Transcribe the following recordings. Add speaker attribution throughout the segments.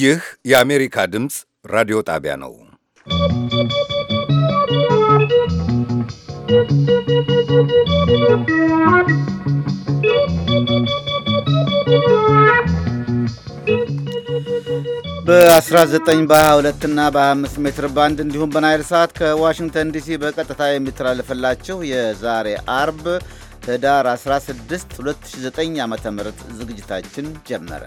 Speaker 1: ይህ የአሜሪካ ድምፅ ራዲዮ ጣቢያ ነው።
Speaker 2: በ19 በ22 እና በ25 ሜትር ባንድ እንዲሁም በናይል ሰዓት ከዋሽንግተን ዲሲ በቀጥታ የሚተላለፍላችሁ የዛሬ አርብ ህዳር 16 2009 ዓ ም ዝግጅታችን ጀመረ።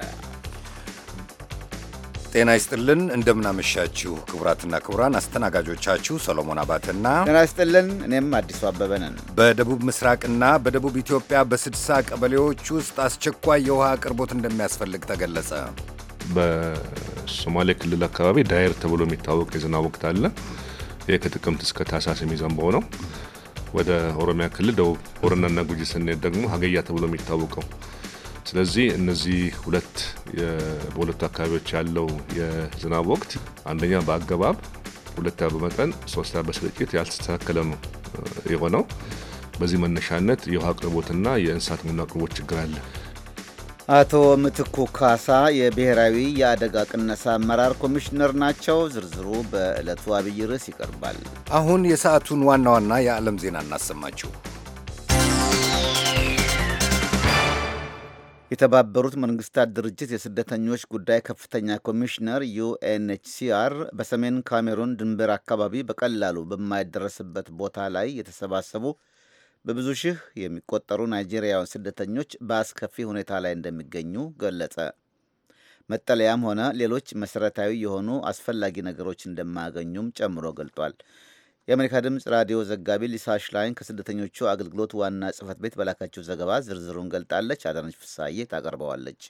Speaker 1: ጤና ይስጥልን፣ እንደምናመሻችሁ ክቡራትና ክቡራን፣ አስተናጋጆቻችሁ ሰሎሞን አባትና ጤና ይስጥልን፣ እኔም አዲሱ አበበ ነን። በደቡብ ምስራቅና በደቡብ ኢትዮጵያ በ60 ቀበሌዎች ውስጥ አስቸኳይ የውሃ አቅርቦት እንደሚያስፈልግ ተገለጸ።
Speaker 3: በሶማሌ ክልል አካባቢ ዳይር ተብሎ የሚታወቅ የዝናብ ወቅት አለ። ይህ ከጥቅምት እስከ ታህሳስ የሚዘንበው ነው። ወደ ኦሮሚያ ክልል ደቡብ ቦረናና ጉጂ ስንሄድ ደግሞ ሀገያ ተብሎ የሚታወቀው ስለዚህ እነዚህ ሁለት በሁለቱ አካባቢዎች ያለው የዝናብ ወቅት አንደኛ በአገባብ ሁለተኛ በመጠን ሶስተኛ በስርጭት ያልተስተካከለ ነው የሆነው። በዚህ መነሻነት የውሃ አቅርቦትና የእንስሳት መኖ አቅርቦት ችግር አለ። አቶ ምትኩ ካሳ
Speaker 2: የብሔራዊ የአደጋ ቅነሳ አመራር ኮሚሽነር ናቸው። ዝርዝሩ በዕለቱ አብይ ርዕስ
Speaker 1: ይቀርባል። አሁን የሰዓቱን ዋና ዋና የዓለም ዜና እናሰማችሁ። የተባበሩት መንግስታት ድርጅት የስደተኞች
Speaker 2: ጉዳይ ከፍተኛ ኮሚሽነር ዩኤንኤችሲአር በሰሜን ካሜሩን ድንበር አካባቢ በቀላሉ በማይደረስበት ቦታ ላይ የተሰባሰቡ በብዙ ሺህ የሚቆጠሩ ናይጄሪያውያን ስደተኞች በአስከፊ ሁኔታ ላይ እንደሚገኙ ገለጸ። መጠለያም ሆነ ሌሎች መሠረታዊ የሆኑ አስፈላጊ ነገሮች እንደማያገኙም ጨምሮ ገልጧል። የአሜሪካ ድምፅ ራዲዮ ዘጋቢ ሊሳ ሽላይን ከስደተኞቹ አገልግሎት ዋና ጽህፈት ቤት በላካቸው ዘገባ ዝርዝሩን ገልጣለች። አዳነች ፍሳዬ ታቀርበዋለች።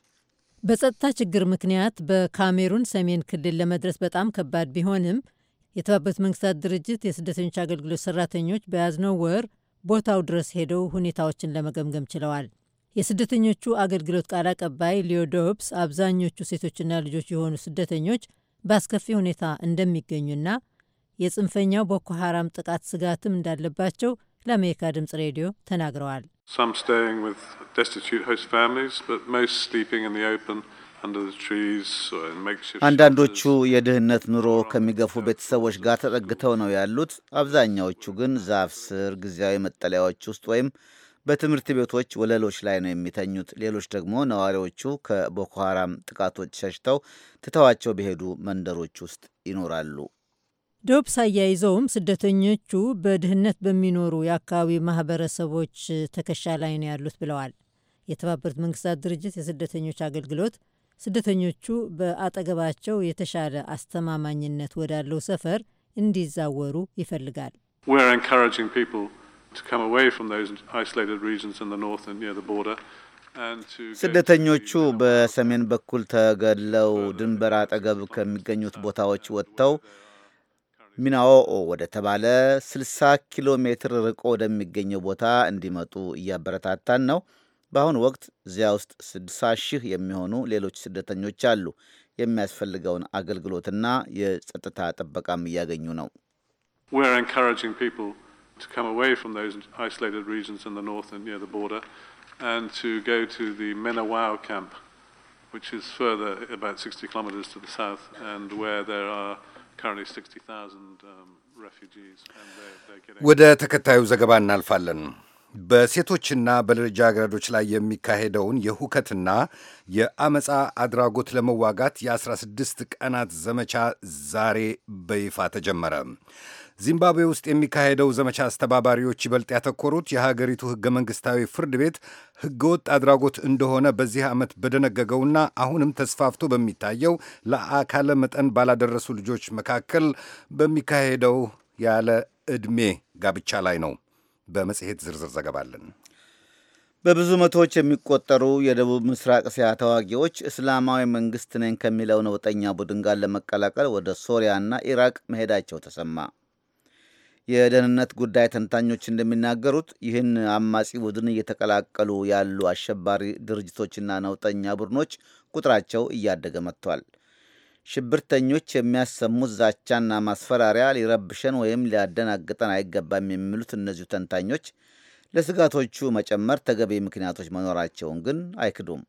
Speaker 4: በጸጥታ ችግር ምክንያት በካሜሩን ሰሜን ክልል ለመድረስ በጣም ከባድ ቢሆንም የተባበሩት መንግስታት ድርጅት የስደተኞች አገልግሎት ሰራተኞች በያዝነው ወር ቦታው ድረስ ሄደው ሁኔታዎችን ለመገምገም ችለዋል። የስደተኞቹ አገልግሎት ቃል አቀባይ ሊዮዶብስ አብዛኞቹ ሴቶችና ልጆች የሆኑ ስደተኞች በአስከፊ ሁኔታ እንደሚገኙና የጽንፈኛው ቦኮ ሐራም ጥቃት ስጋትም እንዳለባቸው ለአሜሪካ ድምጽ ሬዲዮ ተናግረዋል።
Speaker 3: Uh, አንዳንዶቹ
Speaker 2: የድህነት ኑሮ ከሚገፉ ቤተሰቦች uh, ጋር ተጠግተው ነው ያሉት። አብዛኛዎቹ ግን ዛፍ ስር ጊዜያዊ መጠለያዎች ውስጥ ወይም በትምህርት ቤቶች ወለሎች ላይ ነው የሚተኙት። ሌሎች ደግሞ ነዋሪዎቹ ከቦኮ ጥቃቶች ሸሽተው ትተዋቸው በሄዱ መንደሮች ውስጥ ይኖራሉ።
Speaker 4: ዶብስ አያይዘውም ስደተኞቹ በድህነት በሚኖሩ የአካባቢ ማህበረሰቦች ትከሻ ላይ ነው ያሉት ብለዋል። የተባበሩት መንግስታት ድርጅት የስደተኞች አገልግሎት ስደተኞቹ በአጠገባቸው የተሻለ አስተማማኝነት ወዳለው ሰፈር እንዲዛወሩ ይፈልጋል።
Speaker 3: ስደተኞቹ
Speaker 2: በሰሜን በኩል ተገለው ድንበር አጠገብ ከሚገኙት ቦታዎች ወጥተው ሚናኦኦ ወደ ተባለ 60 ኪሎ ሜትር ርቆ ወደሚገኘው ቦታ እንዲመጡ እያበረታታን ነው። በአሁኑ ወቅት እዚያ ውስጥ 60 ሺህ የሚሆኑ ሌሎች ስደተኞች አሉ። የሚያስፈልገውን አገልግሎትና የጸጥታ ጥበቃም እያገኙ ነው።
Speaker 3: um,
Speaker 1: ወደ ተከታዩ ዘገባ እናልፋለን። በሴቶችና በልጃገረዶች ላይ የሚካሄደውን የሁከትና የአመፃ አድራጎት ለመዋጋት የ16 ቀናት ዘመቻ ዛሬ በይፋ ተጀመረ። ዚምባብዌ ውስጥ የሚካሄደው ዘመቻ አስተባባሪዎች ይበልጥ ያተኮሩት የሀገሪቱ ሕገ መንግሥታዊ ፍርድ ቤት ሕገወጥ አድራጎት እንደሆነ በዚህ ዓመት በደነገገውና አሁንም ተስፋፍቶ በሚታየው ለአካለ መጠን ባላደረሱ ልጆች መካከል በሚካሄደው ያለ ዕድሜ ጋብቻ ላይ ነው። በመጽሔት ዝርዝር ዘገባ አለን።
Speaker 2: በብዙ መቶዎች የሚቆጠሩ የደቡብ ምስራቅ እስያ ተዋጊዎች እስላማዊ መንግስት ነኝ ከሚለው ነውጠኛ ቡድን ጋር ለመቀላቀል ወደ ሶሪያና ኢራቅ መሄዳቸው ተሰማ። የደህንነት ጉዳይ ተንታኞች እንደሚናገሩት ይህን አማጺ ቡድን እየተቀላቀሉ ያሉ አሸባሪ ድርጅቶችና ነውጠኛ ቡድኖች ቁጥራቸው እያደገ መጥቷል። ሽብርተኞች የሚያሰሙት ዛቻና ማስፈራሪያ ሊረብሸን ወይም ሊያደናግጠን አይገባም የሚሉት እነዚሁ ተንታኞች ለስጋቶቹ መጨመር ተገቢ ምክንያቶች መኖራቸውን ግን አይክዱም።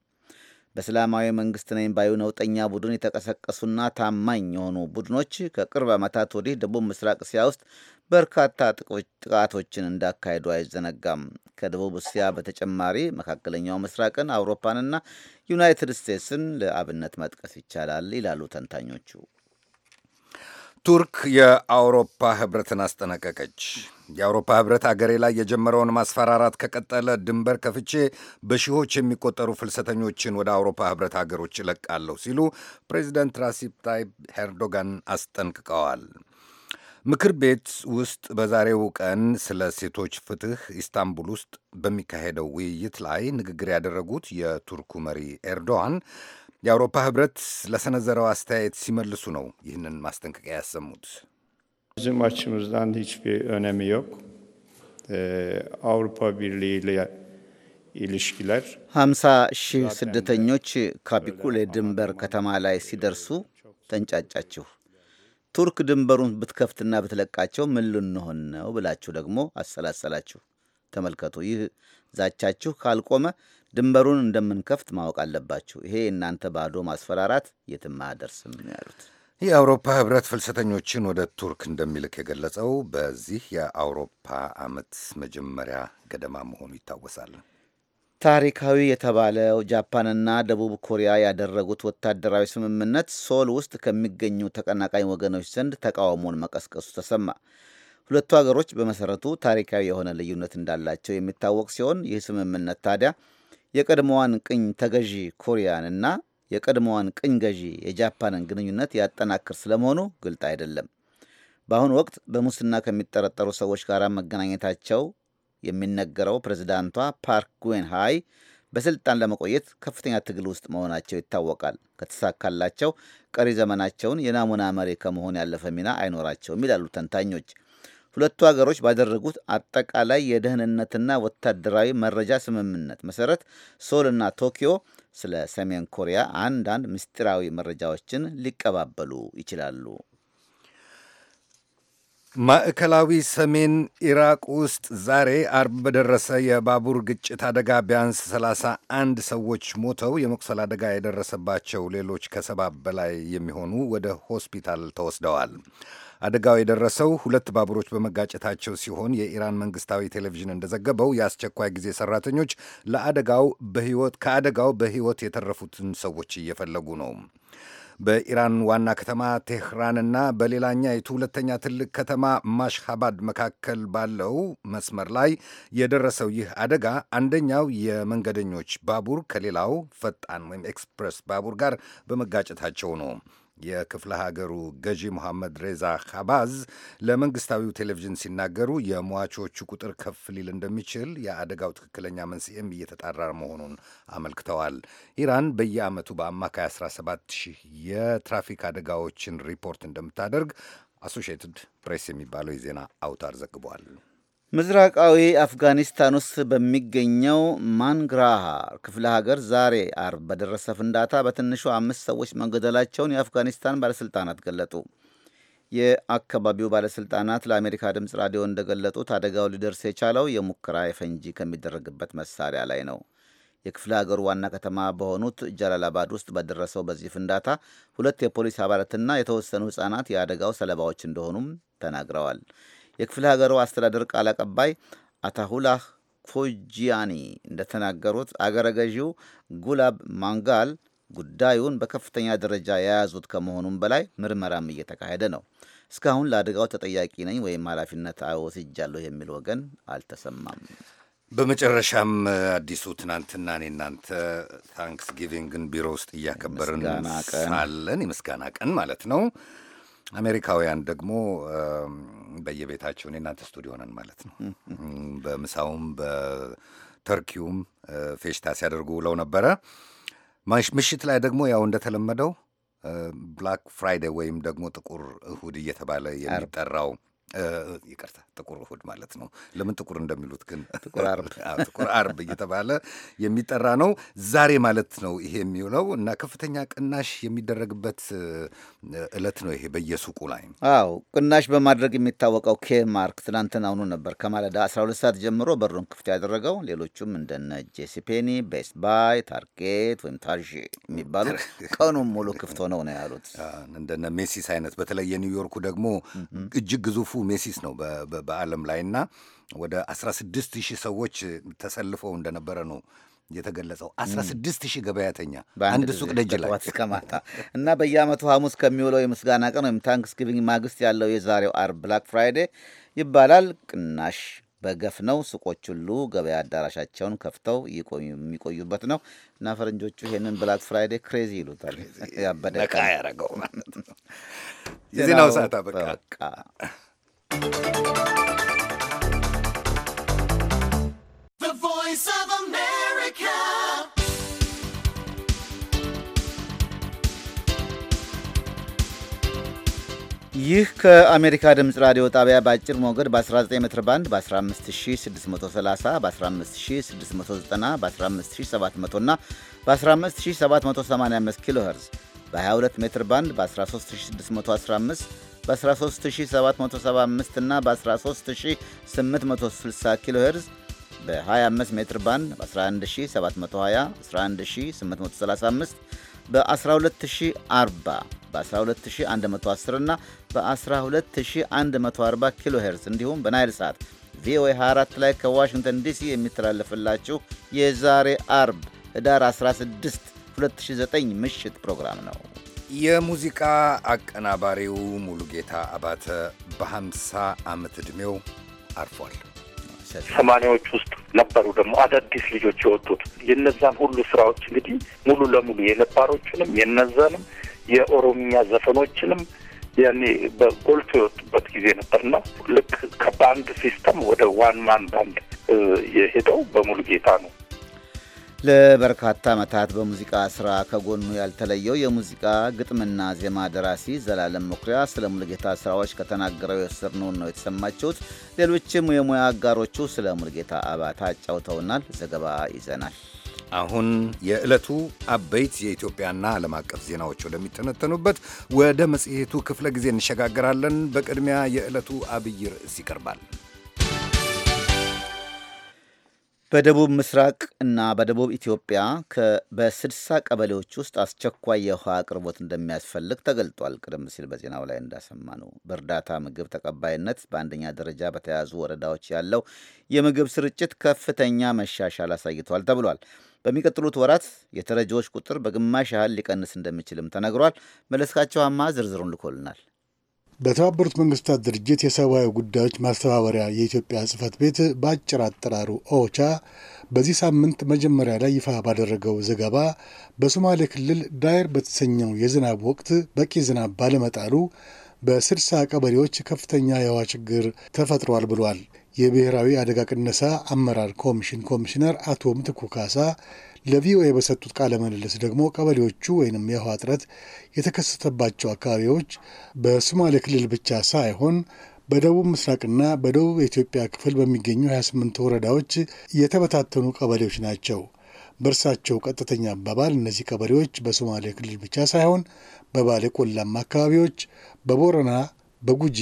Speaker 2: በእስላማዊ መንግስት ነኝ ባዩ ነውጠኛ ቡድን የተቀሰቀሱና ታማኝ የሆኑ ቡድኖች ከቅርብ ዓመታት ወዲህ ደቡብ ምስራቅ እስያ ውስጥ በርካታ ጥቃቶችን እንዳካሄዱ አይዘነጋም። ከደቡብ እስያ በተጨማሪ መካከለኛው ምስራቅን፣ አውሮፓንና ዩናይትድ ስቴትስን ለአብነት መጥቀስ
Speaker 1: ይቻላል ይላሉ ተንታኞቹ። ቱርክ የአውሮፓ ህብረትን አስጠነቀቀች። የአውሮፓ ህብረት አገሬ ላይ የጀመረውን ማስፈራራት ከቀጠለ ድንበር ከፍቼ በሺዎች የሚቆጠሩ ፍልሰተኞችን ወደ አውሮፓ ህብረት አገሮች እለቃለሁ ሲሉ ፕሬዚደንት ራሲፕ ታይፕ ኤርዶጋን አስጠንቅቀዋል። ምክር ቤት ውስጥ በዛሬው ቀን ስለ ሴቶች ፍትህ ኢስታንቡል ውስጥ በሚካሄደው ውይይት ላይ ንግግር ያደረጉት የቱርኩ መሪ ኤርዶዋን የአውሮፓ ህብረት ለሰነዘረው አስተያየት ሲመልሱ ነው ይህንን ማስጠንቀቂያ ያሰሙት። Bizim
Speaker 5: açımızdan hiçbir önemi yok. አውሮፓ ቢርሊ
Speaker 2: ኢልሽኪለር 50 ሺህ ስደተኞች ካፒኩሌ ድንበር ከተማ ላይ ሲደርሱ ተንጫጫችሁ። ቱርክ ድንበሩን ብትከፍትና ብትለቃቸው ምን ልንሆን ነው ብላችሁ ደግሞ አሰላሰላችሁ። ተመልከቱ፣ ይህ ዛቻችሁ ካልቆመ ድንበሩን እንደምንከፍት ማወቅ አለባችሁ። ይሄ እናንተ ባዶ ማስፈራራት የትም አያደርስም ያሉት
Speaker 1: የአውሮፓ ህብረት ፍልሰተኞችን ወደ ቱርክ እንደሚልክ የገለጸው በዚህ የአውሮፓ ዓመት መጀመሪያ ገደማ መሆኑ ይታወሳል።
Speaker 2: ታሪካዊ የተባለው ጃፓንና ደቡብ ኮሪያ ያደረጉት ወታደራዊ ስምምነት ሶል ውስጥ ከሚገኙ ተቀናቃኝ ወገኖች ዘንድ ተቃውሞን መቀስቀሱ ተሰማ። ሁለቱ ሀገሮች በመሰረቱ ታሪካዊ የሆነ ልዩነት እንዳላቸው የሚታወቅ ሲሆን ይህ ስምምነት ታዲያ የቀድሞዋን ቅኝ ተገዢ ኮሪያንና የቀድሞዋን ቅኝ ገዢ የጃፓንን ግንኙነት ያጠናክር ስለመሆኑ ግልጥ አይደለም። በአሁኑ ወቅት በሙስና ከሚጠረጠሩ ሰዎች ጋር መገናኘታቸው የሚነገረው ፕሬዚዳንቷ ፓርክ ጉዌን ሃይ በስልጣን ለመቆየት ከፍተኛ ትግል ውስጥ መሆናቸው ይታወቃል። ከተሳካላቸው ቀሪ ዘመናቸውን የናሙና መሪ ከመሆን ያለፈ ሚና አይኖራቸውም ይላሉ ተንታኞች። ሁለቱ ሀገሮች ባደረጉት አጠቃላይ የደህንነትና ወታደራዊ መረጃ ስምምነት መሰረት ሶልና ቶኪዮ ስለ ሰሜን ኮሪያ አንዳንድ ምስጢራዊ መረጃዎችን ሊቀባበሉ ይችላሉ።
Speaker 1: ማዕከላዊ ሰሜን ኢራቅ ውስጥ ዛሬ አርብ በደረሰ የባቡር ግጭት አደጋ ቢያንስ 31 ሰዎች ሞተው የመቁሰል አደጋ የደረሰባቸው ሌሎች ከሰባ በላይ የሚሆኑ ወደ ሆስፒታል ተወስደዋል። አደጋው የደረሰው ሁለት ባቡሮች በመጋጨታቸው ሲሆን የኢራን መንግስታዊ ቴሌቪዥን እንደዘገበው የአስቸኳይ ጊዜ ሰራተኞች ለአደጋው በሕይወት ከአደጋው በሕይወት የተረፉትን ሰዎች እየፈለጉ ነው። በኢራን ዋና ከተማ ቴህራንና የቱ ሁለተኛ ትልቅ ከተማ ማሽሃባድ መካከል ባለው መስመር ላይ የደረሰው ይህ አደጋ አንደኛው የመንገደኞች ባቡር ከሌላው ፈጣን ወይም ኤክስፕረስ ባቡር ጋር በመጋጨታቸው ነው። የክፍለ ሀገሩ ገዢ መሐመድ ሬዛ ኻባዝ ለመንግስታዊው ቴሌቪዥን ሲናገሩ የሟቾቹ ቁጥር ከፍ ሊል እንደሚችል የአደጋው ትክክለኛ መንስኤም እየተጣራ መሆኑን አመልክተዋል። ኢራን በየዓመቱ በአማካይ 17 ሺህ የትራፊክ አደጋዎችን ሪፖርት እንደምታደርግ አሶሺየትድ ፕሬስ የሚባለው የዜና አውታር ዘግቧል።
Speaker 2: ምስራቃዊ አፍጋኒስታን ውስጥ በሚገኘው ማንግራሃ ክፍለ ሀገር ዛሬ አርብ በደረሰ ፍንዳታ በትንሹ አምስት ሰዎች መገደላቸውን የአፍጋኒስታን ባለሥልጣናት ገለጡ። የአካባቢው ባለሥልጣናት ለአሜሪካ ድምፅ ራዲዮ እንደገለጡት አደጋው ሊደርስ የቻለው የሙከራ የፈንጂ ከሚደረግበት መሳሪያ ላይ ነው። የክፍለ ሀገሩ ዋና ከተማ በሆኑት ጃላላባድ ውስጥ በደረሰው በዚህ ፍንዳታ ሁለት የፖሊስ አባላትና የተወሰኑ ሕፃናት የአደጋው ሰለባዎች እንደሆኑም ተናግረዋል። የክፍለ ሀገሩ አስተዳደር ቃል አቀባይ አታሁላህ ፎጂያኒ እንደተናገሩት አገረ ገዢው ጉላብ ማንጋል ጉዳዩን በከፍተኛ ደረጃ የያዙት ከመሆኑም በላይ ምርመራም እየተካሄደ ነው። እስካሁን ለአደጋው ተጠያቂ ነኝ
Speaker 1: ወይም ኃላፊነት አወስጃለሁ የሚል ወገን አልተሰማም። በመጨረሻም አዲሱ ትናንትና እኔ እናንተ ታንክስ ጊቪንግን ቢሮ ውስጥ እያከበርን ሳለን የምስጋና ቀን ማለት ነው አሜሪካውያን ደግሞ በየቤታቸው እኔ እናንተ ስቱዲዮ ነን ማለት ነው። በምሳውም በተርኪውም ፌሽታ ሲያደርጉ ውለው ነበረ። ምሽት ላይ ደግሞ ያው እንደተለመደው ብላክ ፍራይዴ ወይም ደግሞ ጥቁር እሁድ እየተባለ የሚጠራው ይቅርታ ጥቁር እሁድ ማለት ነው። ለምን ጥቁር እንደሚሉት ግን ጥቁር አርብ እየተባለ የሚጠራ ነው። ዛሬ ማለት ነው ይሄ የሚውለው እና ከፍተኛ ቅናሽ የሚደረግበት እለት ነው ይሄ በየሱቁ ላይ።
Speaker 2: አዎ ቅናሽ በማድረግ የሚታወቀው ኬ ማርክ ትናንትናውኑ ነበር ከማለዳ 12 ሰዓት ጀምሮ በሩን ክፍት ያደረገው። ሌሎቹም እንደነ ጄሲፔኒ፣ ቤስት ባይ፣ ታርጌት ወይም ታርዥ የሚባሉ
Speaker 1: ቀኑን ሙሉ ክፍት ሆነው ነው ያሉት። እንደነ ሜሲስ አይነት በተለይ የኒውዮርኩ ደግሞ እጅግ ግዙፍ ግዙፉ ሜሲስ ነው በዓለም ላይ እና ወደ 16 ሺህ ሰዎች ተሰልፈው እንደነበረ ነው የተገለጸው 16 ሺህ ገበያተኛ አንድ ሱቅ ደጅ ላይ እስከ ማታ
Speaker 2: እና በየአመቱ ሐሙስ ከሚውለው የምስጋና ቀን ወይም ታንክስጊቪንግ ማግስት ያለው የዛሬው አርብ ብላክ ፍራይዴ ይባላል። ቅናሽ በገፍ ነው። ሱቆች ሁሉ ገበያ አዳራሻቸውን ከፍተው የሚቆዩበት ነው እና ፈረንጆቹ ይሄንን ብላክ ፍራይዴ ክሬዚ ይሉታል። ያበደ ያረገው ማለት ነው። የዜናው ሰዓት አበቃ። ይህ ከአሜሪካ ድምፅ ራዲዮ ጣቢያ በአጭር ሞገድ በ19 ሜትር ባንድ በ15630 በ15690 በ15700 እና በ15785 ኪሎ ሄርዝ በ22 ሜትር ባንድ በ13615 በ13775 እና በ13860 ኪሎ ሄርዝ በ25 ሜትር ባንድ በ11720 11835 በ12040 በ12110 እና በ12140 ኪሎ ሄርዝ እንዲሁም በናይል ሰዓት ቪኦኤ 24 ላይ ከዋሽንግተን ዲሲ የሚተላለፍላችሁ
Speaker 1: የዛሬ አርብ ህዳር 16 2009 ምሽት ፕሮግራም ነው። የሙዚቃ አቀናባሪው ሙሉጌታ አባተ በሀምሳ ዓመት ዕድሜው አርፏል። ሰማኒያዎች ውስጥ ነበሩ ደግሞ አዳዲስ ልጆች
Speaker 6: የወጡት የነዛን ሁሉ ስራዎች እንግዲህ ሙሉ ለሙሉ የነባሮችንም የነዛንም የኦሮምኛ ዘፈኖችንም ያኔ በጎልቶ የወጡበት ጊዜ ነበርና ልክ ከባንድ ሲስተም ወደ ዋን ማን ባንድ የሄደው በሙሉ ጌታ ነው።
Speaker 2: ለበርካታ ዓመታት በሙዚቃ ስራ ከጎኑ ያልተለየው የሙዚቃ ግጥምና ዜማ ደራሲ ዘላለም መኩሪያ ስለ ሙልጌታ ስራዎች ከተናገረው የወሰድነውን ነው የተሰማችሁት። ሌሎችም የሙያ አጋሮቹ ስለ ሙልጌታ አባታ አጫውተውናል። ዘገባ
Speaker 1: ይዘናል። አሁን የዕለቱ አበይት የኢትዮጵያና ዓለም አቀፍ ዜናዎች ወደሚተነተኑበት ወደ መጽሔቱ ክፍለ ጊዜ እንሸጋገራለን። በቅድሚያ የዕለቱ አብይ ርዕስ ይቀርባል። በደቡብ ምስራቅ
Speaker 2: እና በደቡብ ኢትዮጵያ በስድሳ ቀበሌዎች ውስጥ አስቸኳይ የውሃ አቅርቦት እንደሚያስፈልግ ተገልጧል። ቅድም ሲል በዜናው ላይ እንዳሰማ ነው። በእርዳታ ምግብ ተቀባይነት በአንደኛ ደረጃ በተያዙ ወረዳዎች ያለው የምግብ ስርጭት ከፍተኛ መሻሻል አሳይቷል ተብሏል። በሚቀጥሉት ወራት የተረጂዎች ቁጥር በግማሽ ያህል ሊቀንስ እንደሚችልም ተነግሯል። መለስካቸው አማ ዝርዝሩን ልኮልናል።
Speaker 7: በተባበሩት መንግስታት ድርጅት የሰብአዊ ጉዳዮች ማስተባበሪያ የኢትዮጵያ ጽህፈት ቤት በአጭር አጠራሩ ኦቻ በዚህ ሳምንት መጀመሪያ ላይ ይፋ ባደረገው ዘገባ በሶማሌ ክልል ዳይር በተሰኘው የዝናብ ወቅት በቂ ዝናብ ባለመጣሉ በስልሳ ቀበሌዎች ከፍተኛ የውሃ ችግር ተፈጥሯል ብሏል። የብሔራዊ አደጋ ቅነሳ አመራር ኮሚሽን ኮሚሽነር አቶ ምትኩ ካሳ ለቪኦኤ በሰጡት ቃለ ምልልስ ደግሞ ቀበሌዎቹ ወይንም የውሃ እጥረት የተከሰተባቸው አካባቢዎች በሶማሌ ክልል ብቻ ሳይሆን በደቡብ ምስራቅና በደቡብ የኢትዮጵያ ክፍል በሚገኙ 28 ወረዳዎች የተበታተኑ ቀበሌዎች ናቸው። በእርሳቸው ቀጥተኛ አባባል እነዚህ ቀበሌዎች በሶማሌ ክልል ብቻ ሳይሆን በባሌ ቆላማ አካባቢዎች፣ በቦረና፣ በጉጂ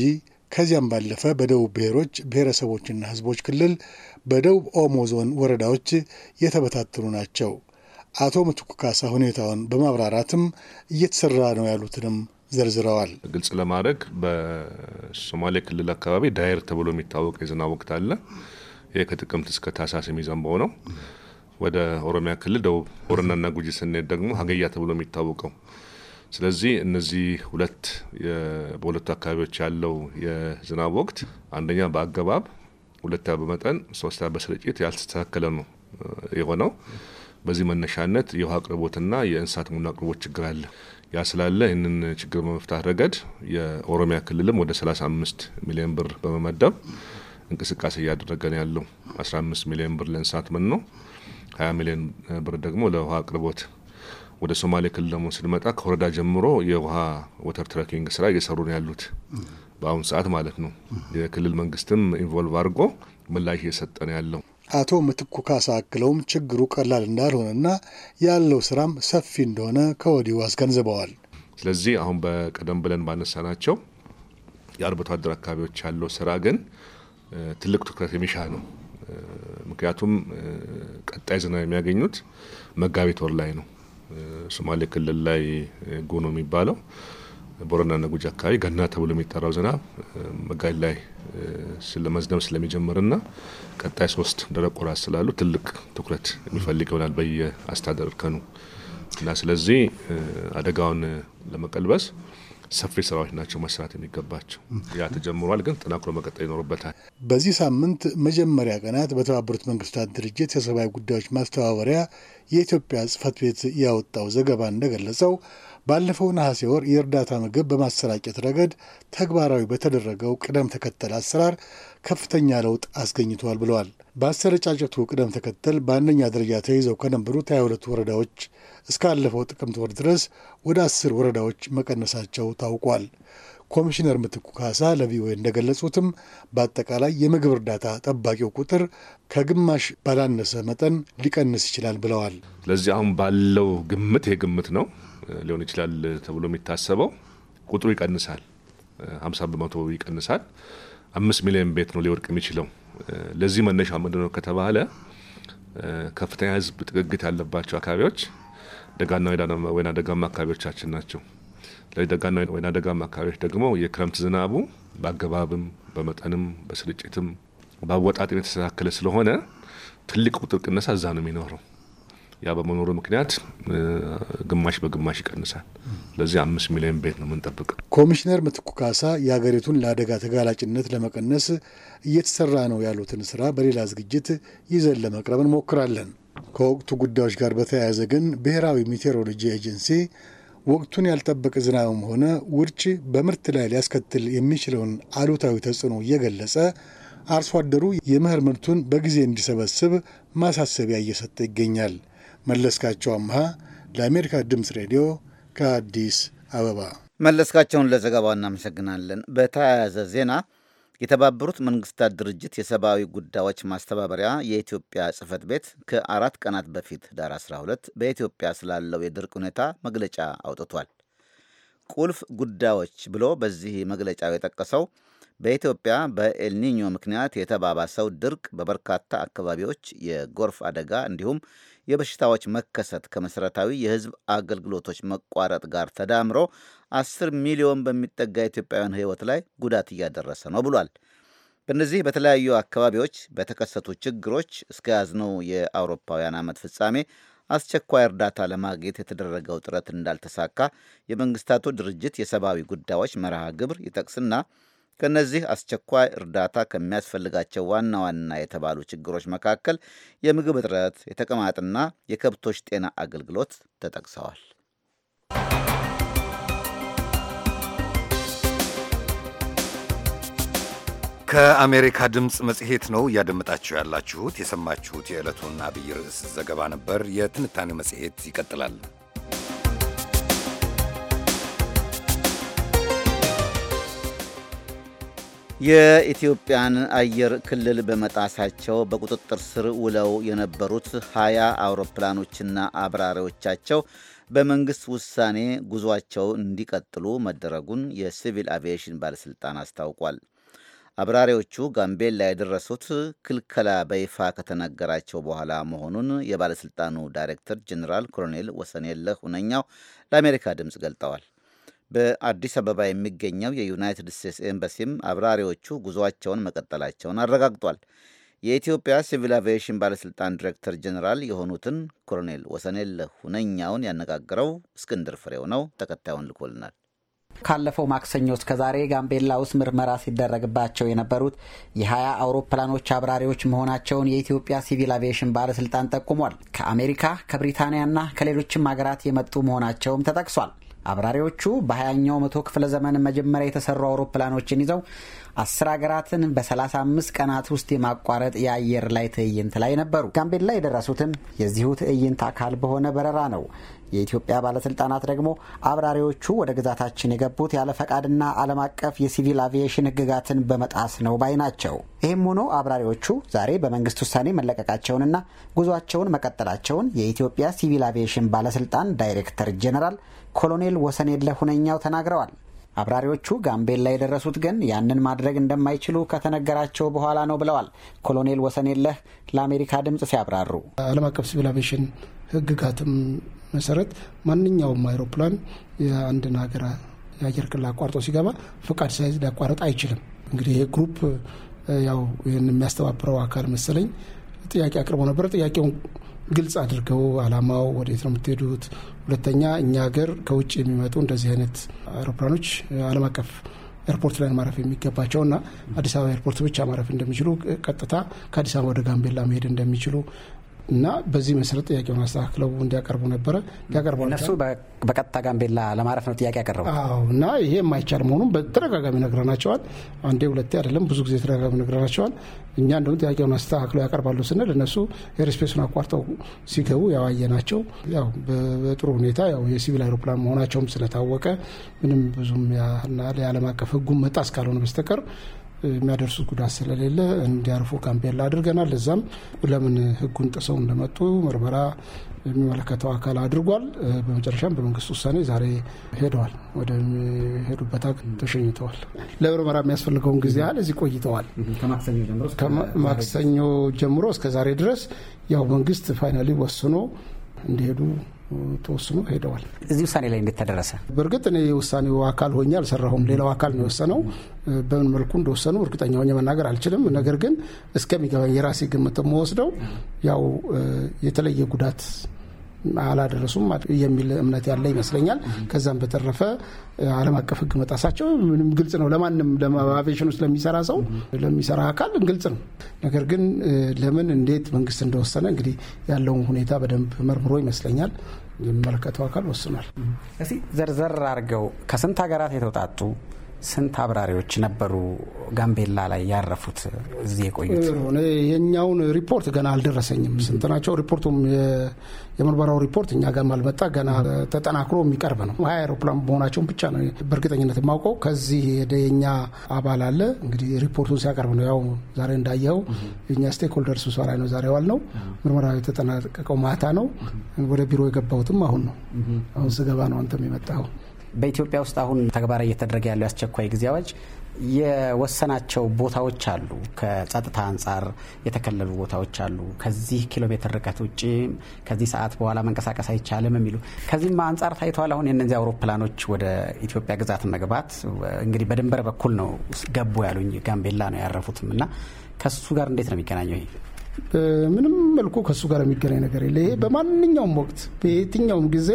Speaker 7: ከዚያም ባለፈ በደቡብ ብሔሮች ብሔረሰቦችና ህዝቦች ክልል በደቡብ ኦሞ ዞን ወረዳዎች የተበታተኑ ናቸው። አቶ ምትኩ ካሳ ሁኔታውን በማብራራትም እየተሰራ
Speaker 3: ነው ያሉትንም ዘርዝረዋል። ግልጽ ለማድረግ በሶማሌ ክልል አካባቢ ዳይር ተብሎ የሚታወቅ የዝናብ ወቅት አለ። ይህ ከጥቅምት እስከ ታህሳስ የሚዘንበው ነው። ወደ ኦሮሚያ ክልል ደቡብ ቦረናና ጉጂ ስንሄድ ደግሞ ሀገያ ተብሎ የሚታወቀው ስለዚህ እነዚህ ሁለት በሁለቱ አካባቢዎች ያለው የዝናብ ወቅት አንደኛ በአገባብ ሁለታ በመጠን ሶስታ በስርጭት ያልተስተካከለ ነው የሆነው። በዚህ መነሻነት የውሃ አቅርቦትና የእንስሳት መኖ አቅርቦት ችግር አለ። ያ ስላለ ይህንን ችግር በመፍታት ረገድ የኦሮሚያ ክልልም ወደ 35 ሚሊዮን ብር በመመደብ እንቅስቃሴ እያደረገ ነው ያለው። 15 ሚሊዮን ብር ለእንስሳት መኖ ነው፣ 20 ሚሊዮን ብር ደግሞ ለውሃ አቅርቦት ወደ ሶማሌ ክልል ደግሞ ስንመጣ ከወረዳ ጀምሮ የውሃ ወተር ትረኪንግ ስራ እየሰሩ ነው ያሉት በአሁኑ ሰዓት ማለት ነው። የክልል መንግስትም ኢንቮልቭ አድርጎ ምላሽ እየሰጠ ነው ያለው።
Speaker 7: አቶ ምትኩ ካሳ አክለውም ችግሩ ቀላል እንዳልሆነና ያለው ስራም ሰፊ እንደሆነ ከወዲሁ አስገንዝበዋል።
Speaker 3: ስለዚህ አሁን በቀደም ብለን ባነሳ ናቸው የአርብቶ አደር አካባቢዎች ያለው ስራ ግን ትልቅ ትኩረት የሚሻ ነው። ምክንያቱም ቀጣይ ዝናብ የሚያገኙት መጋቢት ወር ላይ ነው። ሶማሌ ክልል ላይ ጎኖ የሚባለው ቦረና ነጉጅ አካባቢ ገና ተብሎ የሚጠራው ዝናብ መጋቢት ላይ ስለመዝነብ ስለሚጀምርና ቀጣይ ሶስት ደረቅ ወራት ስላሉ ትልቅ ትኩረት የሚፈልግ ይሆናል በየአስተዳደር ከኑ እና ስለዚህ አደጋውን ለመቀልበስ ሰፊ ስራዎች ናቸው መስራት የሚገባቸው። ያ ተጀምሯል፣ ግን ተጠናክሮ መቀጠል ይኖርበታል።
Speaker 7: በዚህ ሳምንት መጀመሪያ ቀናት በተባበሩት መንግስታት ድርጅት የሰብአዊ ጉዳዮች ማስተባበሪያ የኢትዮጵያ ጽህፈት ቤት ያወጣው ዘገባ እንደገለጸው ባለፈው ነሐሴ ወር የእርዳታ ምግብ በማሰራጨት ረገድ ተግባራዊ በተደረገው ቅደም ተከተል አሰራር ከፍተኛ ለውጥ አስገኝቷል ብለዋል። በአሰረጫጨቱ ቅደም ተከተል በአንደኛ ደረጃ ተይዘው ከነበሩት 22 ወረዳዎች እስካለፈው ጥቅምት ወር ድረስ ወደ አስር ወረዳዎች መቀነሳቸው ታውቋል። ኮሚሽነር ምትኩ ካሳ ለቪኦኤ እንደገለጹትም በአጠቃላይ የምግብ እርዳታ ጠባቂው ቁጥር ከግማሽ ባላነሰ መጠን ሊቀንስ
Speaker 3: ይችላል ብለዋል። ስለዚህ አሁን ባለው ግምት የግምት ግምት ነው ሊሆን ይችላል ተብሎ የሚታሰበው ቁጥሩ ይቀንሳል። ሀምሳ በመቶ ይቀንሳል። አምስት ሚሊዮን ቤት ነው ሊወድቅ የሚችለው። ለዚህ መነሻ ምንድነው ከተባለ ከፍተኛ ህዝብ ጥግግት ያለባቸው አካባቢዎች ደጋና ወይና ደጋማ አካባቢዎቻችን ናቸው። ስለዚህ ደጋና ወይና ደጋማ አካባቢዎች ደግሞ የክረምት ዝናቡ በአገባብም በመጠንም በስርጭትም በአወጣጥም የተስተካከለ ስለሆነ ትልቅ ቁጥር ቅነሳ እዛ ነው የሚኖረው። ያ በመኖሩ ምክንያት ግማሽ በግማሽ ይቀንሳል። ስለዚህ አምስት ሚሊዮን ቤት ነው የምንጠብቅ።
Speaker 7: ኮሚሽነር ምትኩ ካሳ የሀገሪቱን ለአደጋ ተጋላጭነት ለመቀነስ እየተሰራ ነው ያሉትን ስራ በሌላ ዝግጅት ይዘን ለመቅረብ እንሞክራለን። ከወቅቱ ጉዳዮች ጋር በተያያዘ ግን ብሔራዊ ሜቴሮሎጂ ኤጀንሲ ወቅቱን ያልጠበቀ ዝናብም ሆነ ውርጭ በምርት ላይ ሊያስከትል የሚችለውን አሉታዊ ተጽዕኖ እየገለጸ አርሶ አደሩ የምህር ምርቱን በጊዜ እንዲሰበስብ ማሳሰቢያ እየሰጠ ይገኛል። መለስካቸው አምሃ ለአሜሪካ ድምፅ ሬዲዮ ከአዲስ አበባ።
Speaker 2: መለስካቸውን ለዘገባው እናመሰግናለን። በተያያዘ ዜና የተባበሩት መንግስታት ድርጅት የሰብአዊ ጉዳዮች ማስተባበሪያ የኢትዮጵያ ጽህፈት ቤት ከአራት ቀናት በፊት ዳር 12 በኢትዮጵያ ስላለው የድርቅ ሁኔታ መግለጫ አውጥቷል። ቁልፍ ጉዳዮች ብሎ በዚህ መግለጫው የጠቀሰው በኢትዮጵያ በኤልኒኞ ምክንያት የተባባሰው ድርቅ በበርካታ አካባቢዎች የጎርፍ አደጋ እንዲሁም የበሽታዎች መከሰት ከመሠረታዊ የሕዝብ አገልግሎቶች መቋረጥ ጋር ተዳምሮ 10 ሚሊዮን በሚጠጋ ኢትዮጵያውያን ሕይወት ላይ ጉዳት እያደረሰ ነው ብሏል። በእነዚህ በተለያዩ አካባቢዎች በተከሰቱ ችግሮች እስከ ያዝነው የአውሮፓውያን ዓመት ፍጻሜ አስቸኳይ እርዳታ ለማግኘት የተደረገው ጥረት እንዳልተሳካ የመንግስታቱ ድርጅት የሰብአዊ ጉዳዮች መርሃ ግብር ይጠቅስና ከእነዚህ አስቸኳይ እርዳታ ከሚያስፈልጋቸው ዋና ዋና የተባሉ ችግሮች መካከል የምግብ እጥረት፣ የተቀማጥና የከብቶች ጤና አገልግሎት ተጠቅሰዋል።
Speaker 1: ከአሜሪካ ድምፅ መጽሔት ነው እያደመጣችሁ ያላችሁት። የሰማችሁት የዕለቱን አብይ ርዕስ ዘገባ ነበር። የትንታኔ መጽሔት ይቀጥላል።
Speaker 2: የኢትዮጵያን አየር ክልል በመጣሳቸው በቁጥጥር ስር ውለው የነበሩት ሀያ አውሮፕላኖችና አብራሪዎቻቸው በመንግሥት ውሳኔ ጉዟቸው እንዲቀጥሉ መደረጉን የሲቪል አቪዬሽን ባለሥልጣን አስታውቋል። አብራሪዎቹ ጋምቤላ የደረሱት ክልከላ በይፋ ከተነገራቸው በኋላ መሆኑን የባለሥልጣኑ ዳይሬክተር ጀኔራል ኮሎኔል ወሰንየለህ ሁነኛው ለአሜሪካ ድምፅ ገልጠዋል። በአዲስ አበባ የሚገኘው የዩናይትድ ስቴትስ ኤምባሲም አብራሪዎቹ ጉዞአቸውን መቀጠላቸውን አረጋግጧል። የኢትዮጵያ ሲቪል አቪዬሽን ባለሥልጣን ዲሬክተር ጀኔራል የሆኑትን ኮሎኔል ወሰኔል ሁነኛውን ያነጋግረው እስክንድር ፍሬው ነው። ተከታዩን ልኮልናል።
Speaker 8: ካለፈው ማክሰኞ እስከ ዛሬ ጋምቤላ ውስጥ ምርመራ ሲደረግባቸው የነበሩት የሀያ አውሮፕላኖች አብራሪዎች መሆናቸውን የኢትዮጵያ ሲቪል አቪዬሽን ባለስልጣን ጠቁሟል። ከአሜሪካ ከብሪታንያና ከሌሎችም ሀገራት የመጡ መሆናቸውም ተጠቅሷል። አብራሪዎቹ በ20ኛው መቶ ክፍለ ዘመን መጀመሪያ የተሰሩ አውሮፕላኖችን ይዘው አስር ሀገራትን በ35 ቀናት ውስጥ የማቋረጥ የአየር ላይ ትዕይንት ላይ ነበሩ። ጋምቤላ የደረሱትም የዚሁ ትዕይንት አካል በሆነ በረራ ነው። የኢትዮጵያ ባለስልጣናት ደግሞ አብራሪዎቹ ወደ ግዛታችን የገቡት ያለ ፈቃድና ዓለም አቀፍ የሲቪል አቪዬሽን ሕግጋትን በመጣስ ነው ባይ ናቸው። ይህም ሆኖ አብራሪዎቹ ዛሬ በመንግስት ውሳኔ መለቀቃቸውንና ጉዟቸውን መቀጠላቸውን የኢትዮጵያ ሲቪል አቪዬሽን ባለስልጣን ዳይሬክተር ጄኔራል ኮሎኔል ወሰንየለህ ሁነኛው ተናግረዋል። አብራሪዎቹ ጋምቤላ የደረሱት ግን ያንን ማድረግ እንደማይችሉ ከተነገራቸው በኋላ ነው ብለዋል። ኮሎኔል ወሰንየለህ ለአሜሪካ ድምፅ ሲያብራሩ
Speaker 5: ዓለም አቀፍ ሲቪል አቪዬሽን ሕግጋትም መሰረት ማንኛውም አይሮፕላን የአንድን ሀገር የአየር ክልል አቋርጦ ሲገባ ፈቃድ ሳይዝ ሊያቋርጥ አይችልም። እንግዲህ ይህ ግሩፕ ያው ይህን የሚያስተባብረው አካል መሰለኝ ጥያቄ አቅርቦ ነበረ። ጥያቄውን ግልጽ አድርገው አላማው ወዴት ነው የምትሄዱት። ሁለተኛ እኛ ሀገር ከውጭ የሚመጡ እንደዚህ አይነት አውሮፕላኖች ዓለም አቀፍ ኤርፖርት ላይ ማረፍ እና አዲስ አበባ ኤርፖርት ብቻ ማረፍ እንደሚችሉ ቀጥታ ከአዲስ አበባ ወደ ጋምቤላ መሄድ እንደሚችሉ እና በዚህ መሰረት ጥያቄውን አስተካክለው እንዲያቀርቡ ነበረ እንዲያቀርቡ እነሱ በቀጥታ ጋምቤላ ለማረፍ ነው ጥያቄ ያቀረቡ እና ይሄ የማይቻል መሆኑን በተደጋጋሚ ነግረናቸዋል። አንዴ ሁለቴ አይደለም ብዙ ጊዜ ተደጋጋሚ ነግረናቸዋል። እኛ እንደሁም ጥያቄውን አስተካክለው ያቀርባሉ ስንል እነሱ ኤርስፔሱን አቋርጠው ሲገቡ ያዋየ ናቸው። ያው በጥሩ ሁኔታ ያው የሲቪል አይሮፕላን መሆናቸውም ስለታወቀ ምንም ብዙም ያህል ዓለም አቀፍ መጣስ ካልሆነ በስተቀር የሚያደርሱት ጉዳት ስለሌለ እንዲያርፉ ካምፔን አድርገናል። እዛም ለምን ህጉን ጥሰው እንደመጡ ምርመራ የሚመለከተው አካል አድርጓል። በመጨረሻም በመንግስት ውሳኔ ዛሬ ሄደዋል፣ ወደሚሄዱበት ተሸኝተዋል። ለምርመራ የሚያስፈልገውን ጊዜ ያህል እዚህ ቆይተዋል። ከማክሰኞ ጀምሮ እስከ ዛሬ ድረስ ያው መንግስት ፋይናሊ ወስኖ እንዲሄዱ ተወስኖ ሄደዋል። እዚህ ውሳኔ ላይ እንዴት ተደረሰ? በእርግጥ እኔ የውሳኔው አካል ሆኜ አልሰራሁም። ሌላው አካል ነው የወሰነው። በምን መልኩ እንደወሰኑ እርግጠኛ ሆኜ መናገር አልችልም። ነገር ግን እስከሚገባኝ የራሴ ግምት የምወስደው ያው የተለየ ጉዳት አላደረሱም የሚል እምነት ያለ ይመስለኛል። ከዛም በተረፈ ዓለም አቀፍ ሕግ መጣሳቸው ምንም ግልጽ ነው ለማንም ለአቪዬሽን ውስጥ ለሚሰራ ሰው ለሚሰራ አካል ግልጽ ነው። ነገር ግን ለምን እንዴት መንግስት እንደወሰነ እንግዲህ ያለውን ሁኔታ በደንብ መርምሮ ይመስለኛል የሚመለከተው አካል ወስኗል።
Speaker 8: እስኪ ዘርዘር አድርገው ከስንት ሀገራት የተውጣጡ ስንት አብራሪዎች ነበሩ ጋምቤላ ላይ ያረፉት
Speaker 1: እዚህ የቆዩት?
Speaker 5: የእኛውን ሪፖርት ገና አልደረሰኝም። ስንት ናቸው? ሪፖርቱም የምርመራው ሪፖርት እኛ ጋር አልመጣ። ገና ተጠናክሮ የሚቀርብ ነው። ሀያ አውሮፕላን መሆናቸውን ብቻ ነው በእርግጠኝነት የማውቀው። ከዚህ የኛ አባል አለ እንግዲህ ሪፖርቱን ሲያቀርብ ነው። ያው ዛሬ እንዳየኸው የእኛ ስቴክሆልደር ስብሰባ ላይ ነው ዛሬ ዋል ነው። ምርመራ የተጠናቀቀው ማታ ነው። ወደ ቢሮ የገባሁትም አሁን ነው። አሁን ስገባ ነው አንተም የመጣኸው። በኢትዮጵያ
Speaker 8: ውስጥ አሁን ተግባራዊ እየተደረገ ያለው የአስቸኳይ ጊዜ አዋጅ የወሰናቸው ቦታዎች አሉ። ከጸጥታ አንጻር የተከለሉ ቦታዎች አሉ። ከዚህ ኪሎ ሜትር ርቀት ውጭ ከዚህ ሰዓት በኋላ መንቀሳቀስ አይቻልም የሚሉ ከዚህም አንጻር ታይተዋል። አሁን የነዚህ አውሮፕላኖች ወደ ኢትዮጵያ ግዛት መግባት እንግዲህ በድንበር በኩል ነው ገቡ ያሉኝ ጋምቤላ ነው ያረፉትም እና ከሱ ጋር እንዴት ነው የሚገናኘው ይሄ?
Speaker 5: በምንም መልኩ ከሱ ጋር የሚገናኝ ነገር የለ። ይሄ በማንኛውም ወቅት በየትኛውም ጊዜ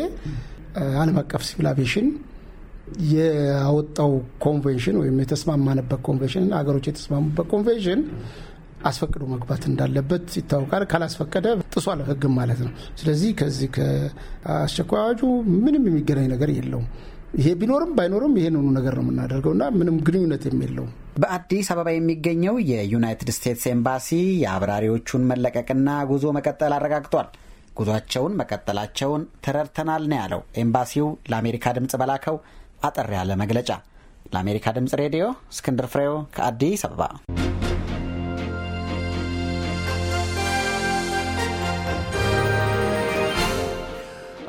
Speaker 5: ዓለም አቀፍ ሲቪል አቪዬሽን ያወጣው ኮንቬንሽን ወይም የተስማማንበት ኮንቬንሽን አገሮች የተስማሙበት ኮንቬንሽን አስፈቅዶ መግባት እንዳለበት ይታወቃል። ካላስፈቀደ ጥሷል ሕግም ማለት ነው። ስለዚህ ከዚህ ከአስቸኳይ አዋጁ ምንም የሚገናኝ ነገር የለውም። ይሄ ቢኖርም ባይኖርም ይሄንኑ ነገር ነው የምናደርገው እና ምንም ግንኙነት የለውም። በአዲስ አበባ የሚገኘው
Speaker 8: የዩናይትድ ስቴትስ ኤምባሲ የአብራሪዎቹን መለቀቅና ጉዞ መቀጠል አረጋግጧል። ጉዟቸውን መቀጠላቸውን ተረድተናል ነው ያለው ኤምባሲው ለአሜሪካ ድምፅ በላከው አጠር ያለ መግለጫ። ለአሜሪካ ድምፅ ሬዲዮ እስክንድር ፍሬው ከአዲስ አበባ።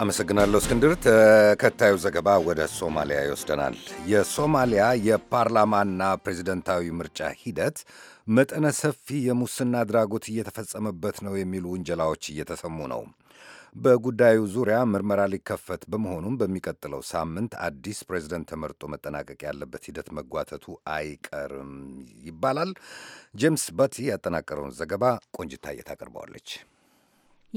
Speaker 1: አመሰግናለሁ እስክንድር። ተከታዩ ዘገባ ወደ ሶማሊያ ይወስደናል። የሶማሊያ የፓርላማና ፕሬዚደንታዊ ምርጫ ሂደት መጠነ ሰፊ የሙስና አድራጎት እየተፈጸመበት ነው የሚሉ ውንጀላዎች እየተሰሙ ነው። በጉዳዩ ዙሪያ ምርመራ ሊከፈት በመሆኑም በሚቀጥለው ሳምንት አዲስ ፕሬዝደንት ተመርጦ መጠናቀቅ ያለበት ሂደት መጓተቱ አይቀርም ይባላል። ጄምስ ባቲ ያጠናቀረውን ዘገባ ቆንጅታ እየታቀርበዋለች።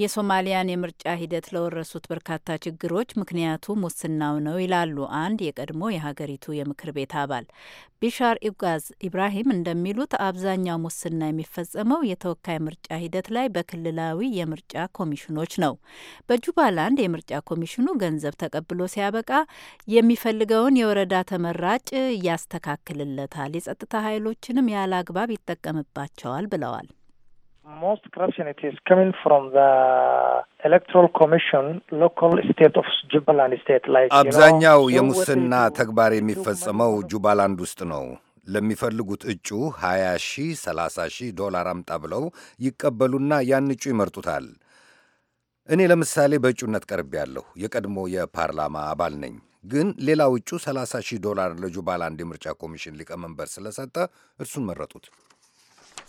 Speaker 9: የሶማሊያን የምርጫ ሂደት ለወረሱት በርካታ ችግሮች ምክንያቱ ሙስናው ነው ይላሉ አንድ የቀድሞ የሀገሪቱ የምክር ቤት አባል። ቢሻር ኢጋዝ ኢብራሂም እንደሚሉት አብዛኛው ሙስና የሚፈጸመው የተወካይ ምርጫ ሂደት ላይ በክልላዊ የምርጫ ኮሚሽኖች ነው። በጁባላንድ የምርጫ ኮሚሽኑ ገንዘብ ተቀብሎ ሲያበቃ የሚፈልገውን የወረዳ ተመራጭ ያስተካክልለታል፣ የጸጥታ ኃይሎችንም ያለ አግባብ ይጠቀምባቸዋል ብለዋል።
Speaker 6: most corruption it is coming from the electoral commission local state of Jubaland state like አብዛኛው የሙስና
Speaker 1: ተግባር የሚፈጸመው ጁባላንድ ውስጥ ነው። ለሚፈልጉት እጩ 20 ሺ 30 ሺ ዶላር አምጣ ብለው ይቀበሉና ያን እጩ ይመርጡታል። እኔ ለምሳሌ በእጩነት ቀርቤያለሁ። የቀድሞ የፓርላማ አባል ነኝ። ግን ሌላው እጩ 30 ሺህ ዶላር ለጁባላንድ የምርጫ ኮሚሽን ሊቀመንበር ስለሰጠ እርሱን መረጡት።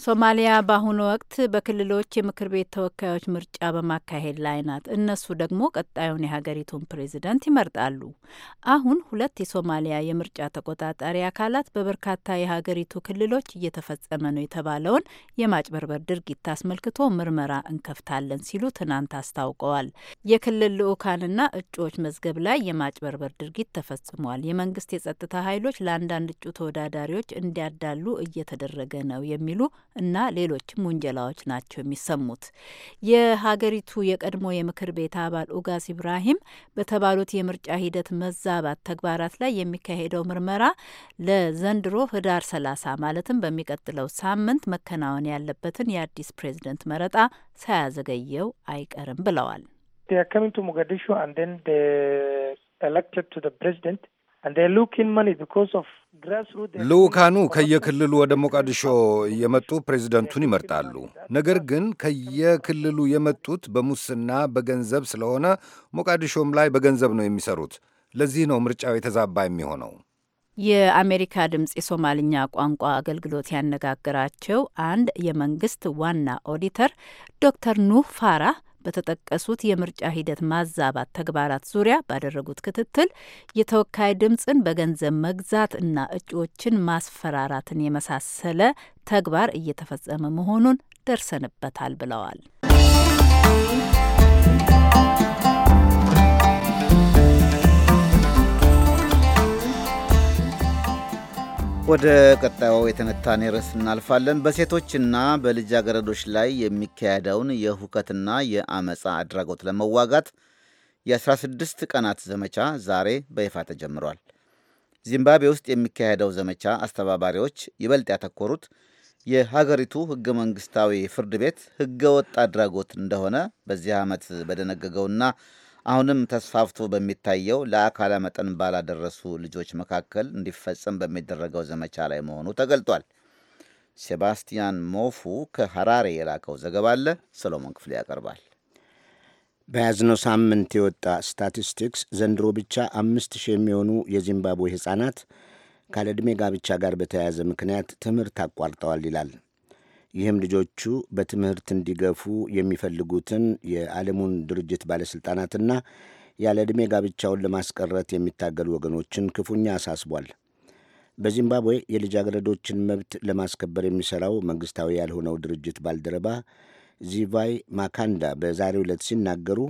Speaker 9: ሶማሊያ በአሁኑ ወቅት በክልሎች የምክር ቤት ተወካዮች ምርጫ በማካሄድ ላይ ናት። እነሱ ደግሞ ቀጣዩን የሀገሪቱን ፕሬዝዳንት ይመርጣሉ። አሁን ሁለት የሶማሊያ የምርጫ ተቆጣጣሪ አካላት በበርካታ የሀገሪቱ ክልሎች እየተፈጸመ ነው የተባለውን የማጭበርበር ድርጊት አስመልክቶ ምርመራ እንከፍታለን ሲሉ ትናንት አስታውቀዋል። የክልል ልዑካንና እጩዎች መዝገብ ላይ የማጭበርበር ድርጊት ተፈጽሟል፣ የመንግስት የጸጥታ ኃይሎች ለአንዳንድ እጩ ተወዳዳሪዎች እንዲያዳሉ እየተደረገ ነው የሚሉ እና ሌሎችም ውንጀላዎች ናቸው የሚሰሙት። የሀገሪቱ የቀድሞ የምክር ቤት አባል ኡጋስ ኢብራሂም በተባሉት የምርጫ ሂደት መዛባት ተግባራት ላይ የሚካሄደው ምርመራ ለዘንድሮ ህዳር 30 ማለትም በሚቀጥለው ሳምንት መከናወን ያለበትን የአዲስ ፕሬዝደንት መረጣ ሳያዘገየው አይቀርም ብለዋል።
Speaker 6: ሞጋዲሾ
Speaker 1: ልዑካኑ ከየክልሉ ወደ ሞቃዲሾ የመጡ ፕሬዚደንቱን ይመርጣሉ። ነገር ግን ከየክልሉ የመጡት በሙስና በገንዘብ ስለሆነ ሞቃዲሾም ላይ በገንዘብ ነው የሚሰሩት። ለዚህ ነው ምርጫው የተዛባ የሚሆነው።
Speaker 9: የአሜሪካ ድምፅ የሶማልኛ ቋንቋ አገልግሎት ያነጋገራቸው አንድ የመንግስት ዋና ኦዲተር ዶክተር ኑህ ፋራህ በተጠቀሱት የምርጫ ሂደት ማዛባት ተግባራት ዙሪያ ባደረጉት ክትትል የተወካይ ድምፅን በገንዘብ መግዛት እና እጩዎችን ማስፈራራትን የመሳሰለ ተግባር እየተፈጸመ መሆኑን ደርሰንበታል ብለዋል።
Speaker 2: ወደ ቀጣዩ የትንታኔ ርዕስ እናልፋለን። በሴቶችና በልጃገረዶች ላይ የሚካሄደውን የሁከትና የአመፃ አድራጎት ለመዋጋት የ16 ቀናት ዘመቻ ዛሬ በይፋ ተጀምሯል። ዚምባብዌ ውስጥ የሚካሄደው ዘመቻ አስተባባሪዎች ይበልጥ ያተኮሩት የሀገሪቱ ህገ መንግስታዊ ፍርድ ቤት ህገወጥ ወጥ አድራጎት እንደሆነ በዚህ ዓመት በደነገገውና አሁንም ተስፋፍቶ በሚታየው ለአካለ መጠን ባላደረሱ ልጆች መካከል እንዲፈጸም በሚደረገው ዘመቻ ላይ መሆኑ ተገልጧል። ሴባስቲያን ሞፉ ከሐራሬ የላከው ዘገባ አለ። ሰሎሞን ክፍሌ ያቀርባል።
Speaker 10: በያዝነው ሳምንት የወጣ ስታቲስቲክስ ዘንድሮ ብቻ አምስት ሺህ የሚሆኑ የዚምባብዌ ሕፃናት ካለዕድሜ ጋብቻ ጋር በተያያዘ ምክንያት ትምህርት አቋርጠዋል ይላል። ይህም ልጆቹ በትምህርት እንዲገፉ የሚፈልጉትን የዓለሙን ድርጅት ባለሥልጣናትና ያለ ዕድሜ ጋብቻውን ለማስቀረት የሚታገሉ ወገኖችን ክፉኛ አሳስቧል። በዚምባብዌ የልጃገረዶችን መብት ለማስከበር የሚሠራው መንግሥታዊ ያልሆነው ድርጅት ባልደረባ ዚቫይ ማካንዳ በዛሬው ዕለት ሲናገሩ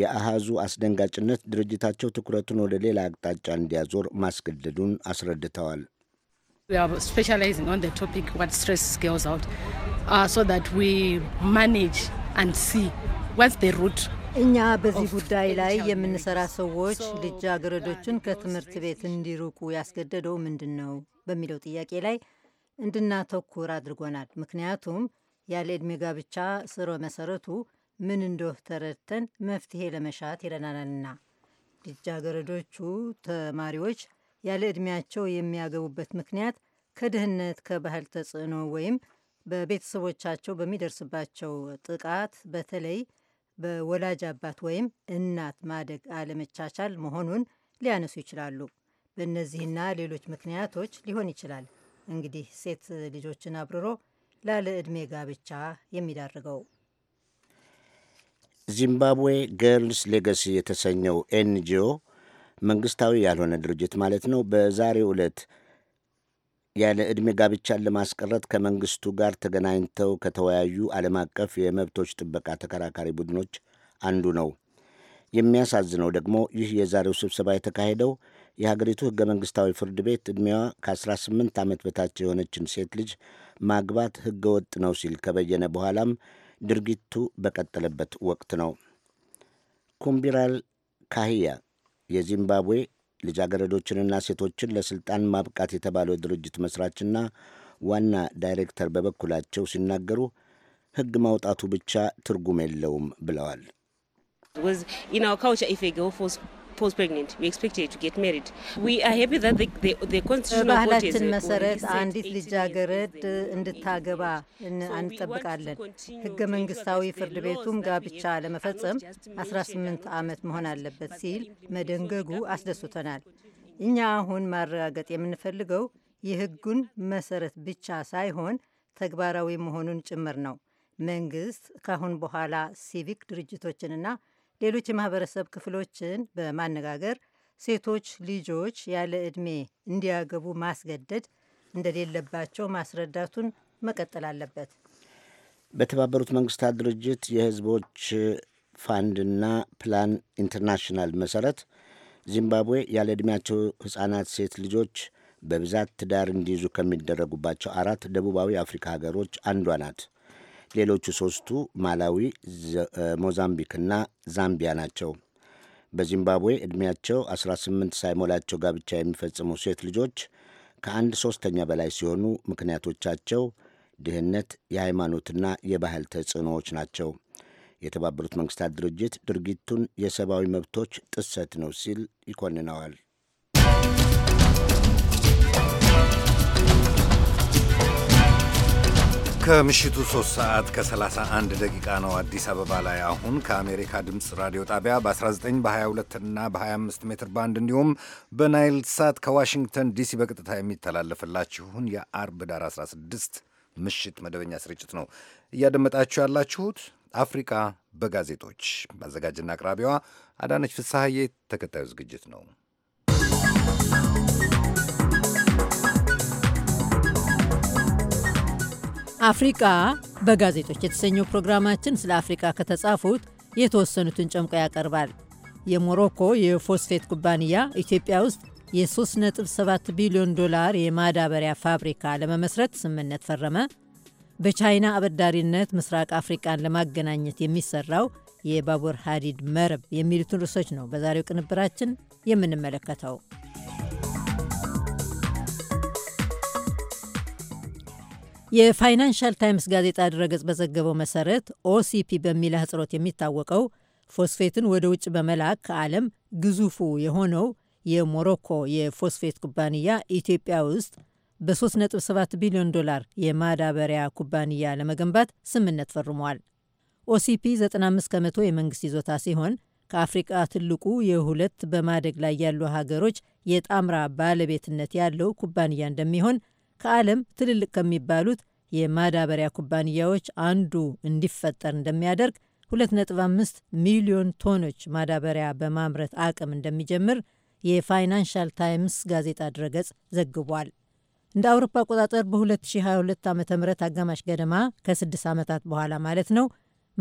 Speaker 10: የአሃዙ አስደንጋጭነት ድርጅታቸው ትኩረቱን ወደ ሌላ አቅጣጫ እንዲያዞር ማስገደዱን አስረድተዋል።
Speaker 11: We are specializing on the topic what stresses girls
Speaker 5: out uh, so that we manage and see what's the root
Speaker 4: እኛ በዚህ ጉዳይ ላይ የምንሰራ ሰዎች ልጃገረዶችን ከትምህርት ቤት እንዲርቁ ያስገደደው ምንድን ነው በሚለው ጥያቄ ላይ እንድናተኩር አድርጎናል። ምክንያቱም ያለ ዕድሜ ጋብቻ ስረ መሰረቱ ምን እንደሆነ ተረድተን መፍትሄ ለመሻት ይረዳናልና ልጃገረዶቹ ተማሪዎች ያለ ዕድሜያቸው የሚያገቡበት ምክንያት ከድህነት፣ ከባህል ተጽዕኖ ወይም በቤተሰቦቻቸው በሚደርስባቸው ጥቃት በተለይ በወላጅ አባት ወይም እናት ማደግ አለመቻቻል መሆኑን ሊያነሱ ይችላሉ። በእነዚህና ሌሎች ምክንያቶች ሊሆን ይችላል እንግዲህ ሴት ልጆችን አብርሮ ላለ ዕድሜ ጋብቻ የሚዳርገው።
Speaker 10: ዚምባብዌ ገርልስ ሌጋሲ የተሰኘው ኤንጂኦ መንግስታዊ ያልሆነ ድርጅት ማለት ነው በዛሬው ዕለት ያለ ዕድሜ ጋብቻን ለማስቀረት ከመንግስቱ ጋር ተገናኝተው ከተወያዩ ዓለም አቀፍ የመብቶች ጥበቃ ተከራካሪ ቡድኖች አንዱ ነው። የሚያሳዝነው ደግሞ ይህ የዛሬው ስብሰባ የተካሄደው የሀገሪቱ ሕገ መንግሥታዊ ፍርድ ቤት ዕድሜዋ ከ18 ዓመት በታች የሆነችን ሴት ልጅ ማግባት ሕገ ወጥ ነው ሲል ከበየነ በኋላም ድርጊቱ በቀጠለበት ወቅት ነው። ኩምቢራል ካህያ የዚምባብዌ ልጃገረዶችንና ሴቶችን ለስልጣን ማብቃት የተባለው የድርጅት መስራችና ዋና ዳይሬክተር በበኩላቸው ሲናገሩ ሕግ ማውጣቱ ብቻ ትርጉም የለውም ብለዋል።
Speaker 11: በባህላችን መሰረት አንዲት
Speaker 4: ልጃገረድ እንድታገባ እንጠብቃለን። ህገ መንግስታዊ ፍርድ ቤቱም ጋብቻ ለመፈጸም 18 ዓመት መሆን አለበት ሲል መደንገጉ አስደስቶናል። እኛ አሁን ማረጋገጥ የምንፈልገው የህጉን መሰረት ብቻ ሳይሆን ተግባራዊ መሆኑን ጭምር ነው። መንግስት ካሁን በኋላ ሲቪክ ድርጅቶችንና ሌሎች የማህበረሰብ ክፍሎችን በማነጋገር ሴቶች ልጆች ያለ ዕድሜ እንዲያገቡ ማስገደድ እንደሌለባቸው ማስረዳቱን መቀጠል አለበት።
Speaker 10: በተባበሩት መንግስታት ድርጅት የህዝቦች ፋንድና ፕላን ኢንተርናሽናል መሰረት ዚምባብዌ ያለ ዕድሜያቸው ሕፃናት ሴት ልጆች በብዛት ትዳር እንዲይዙ ከሚደረጉባቸው አራት ደቡባዊ አፍሪካ ሀገሮች አንዷ ናት። ሌሎቹ ሦስቱ ማላዊ፣ ሞዛምቢክና ዛምቢያ ናቸው። በዚምባብዌ ዕድሜያቸው 18 ሳይሞላቸው ጋብቻ የሚፈጽሙ ሴት ልጆች ከአንድ ሦስተኛ በላይ ሲሆኑ ምክንያቶቻቸው ድህነት፣ የሃይማኖትና የባህል ተጽዕኖዎች ናቸው። የተባበሩት መንግሥታት ድርጅት ድርጊቱን የሰብአዊ መብቶች ጥሰት ነው ሲል ይኮንነዋል።
Speaker 1: ከምሽቱ 3 ሰዓት ከ31 ደቂቃ ነው አዲስ አበባ ላይ። አሁን ከአሜሪካ ድምፅ ራዲዮ ጣቢያ በ19 በ22 እና በ25 ሜትር ባንድ እንዲሁም በናይል ሳት ከዋሽንግተን ዲሲ በቅጥታ የሚተላለፍላችሁን የአርብ ዳር 16 ምሽት መደበኛ ስርጭት ነው እያደመጣችሁ ያላችሁት። አፍሪካ በጋዜጦች አዘጋጅና አቅራቢዋ አዳነች ፍስሐዬ ተከታዩ ዝግጅት ነው።
Speaker 4: አፍሪቃ በጋዜጦች የተሰኘው ፕሮግራማችን ስለ አፍሪቃ ከተጻፉት የተወሰኑትን ጨምቆ ያቀርባል። የሞሮኮ የፎስፌት ኩባንያ ኢትዮጵያ ውስጥ የ3.7 ቢሊዮን ዶላር የማዳበሪያ ፋብሪካ ለመመስረት ስምምነት ፈረመ። በቻይና አበዳሪነት ምስራቅ አፍሪቃን ለማገናኘት የሚሰራው የባቡር ሀዲድ መረብ የሚሉትን ርዕሶች ነው በዛሬው ቅንብራችን የምንመለከተው። የፋይናንሻል ታይምስ ጋዜጣ ድረገጽ በዘገበው መሰረት ኦሲፒ በሚል አህጽሮት የሚታወቀው ፎስፌትን ወደ ውጭ በመላክ ከዓለም ግዙፉ የሆነው የሞሮኮ የፎስፌት ኩባንያ ኢትዮጵያ ውስጥ በ3.7 ቢሊዮን ዶላር የማዳበሪያ ኩባንያ ለመገንባት ስምምነት ፈርሟል። ኦሲፒ 95 ከመቶ የመንግስት ይዞታ ሲሆን ከአፍሪቃ ትልቁ የሁለት በማደግ ላይ ያሉ ሀገሮች የጣምራ ባለቤትነት ያለው ኩባንያ እንደሚሆን ከዓለም ትልልቅ ከሚባሉት የማዳበሪያ ኩባንያዎች አንዱ እንዲፈጠር እንደሚያደርግ 2.5 ሚሊዮን ቶኖች ማዳበሪያ በማምረት አቅም እንደሚጀምር የፋይናንሻል ታይምስ ጋዜጣ ድረገጽ ዘግቧል። እንደ አውሮፓ አቆጣጠር በ2022 ዓ ም አጋማሽ ገደማ ከ6 ዓመታት በኋላ ማለት ነው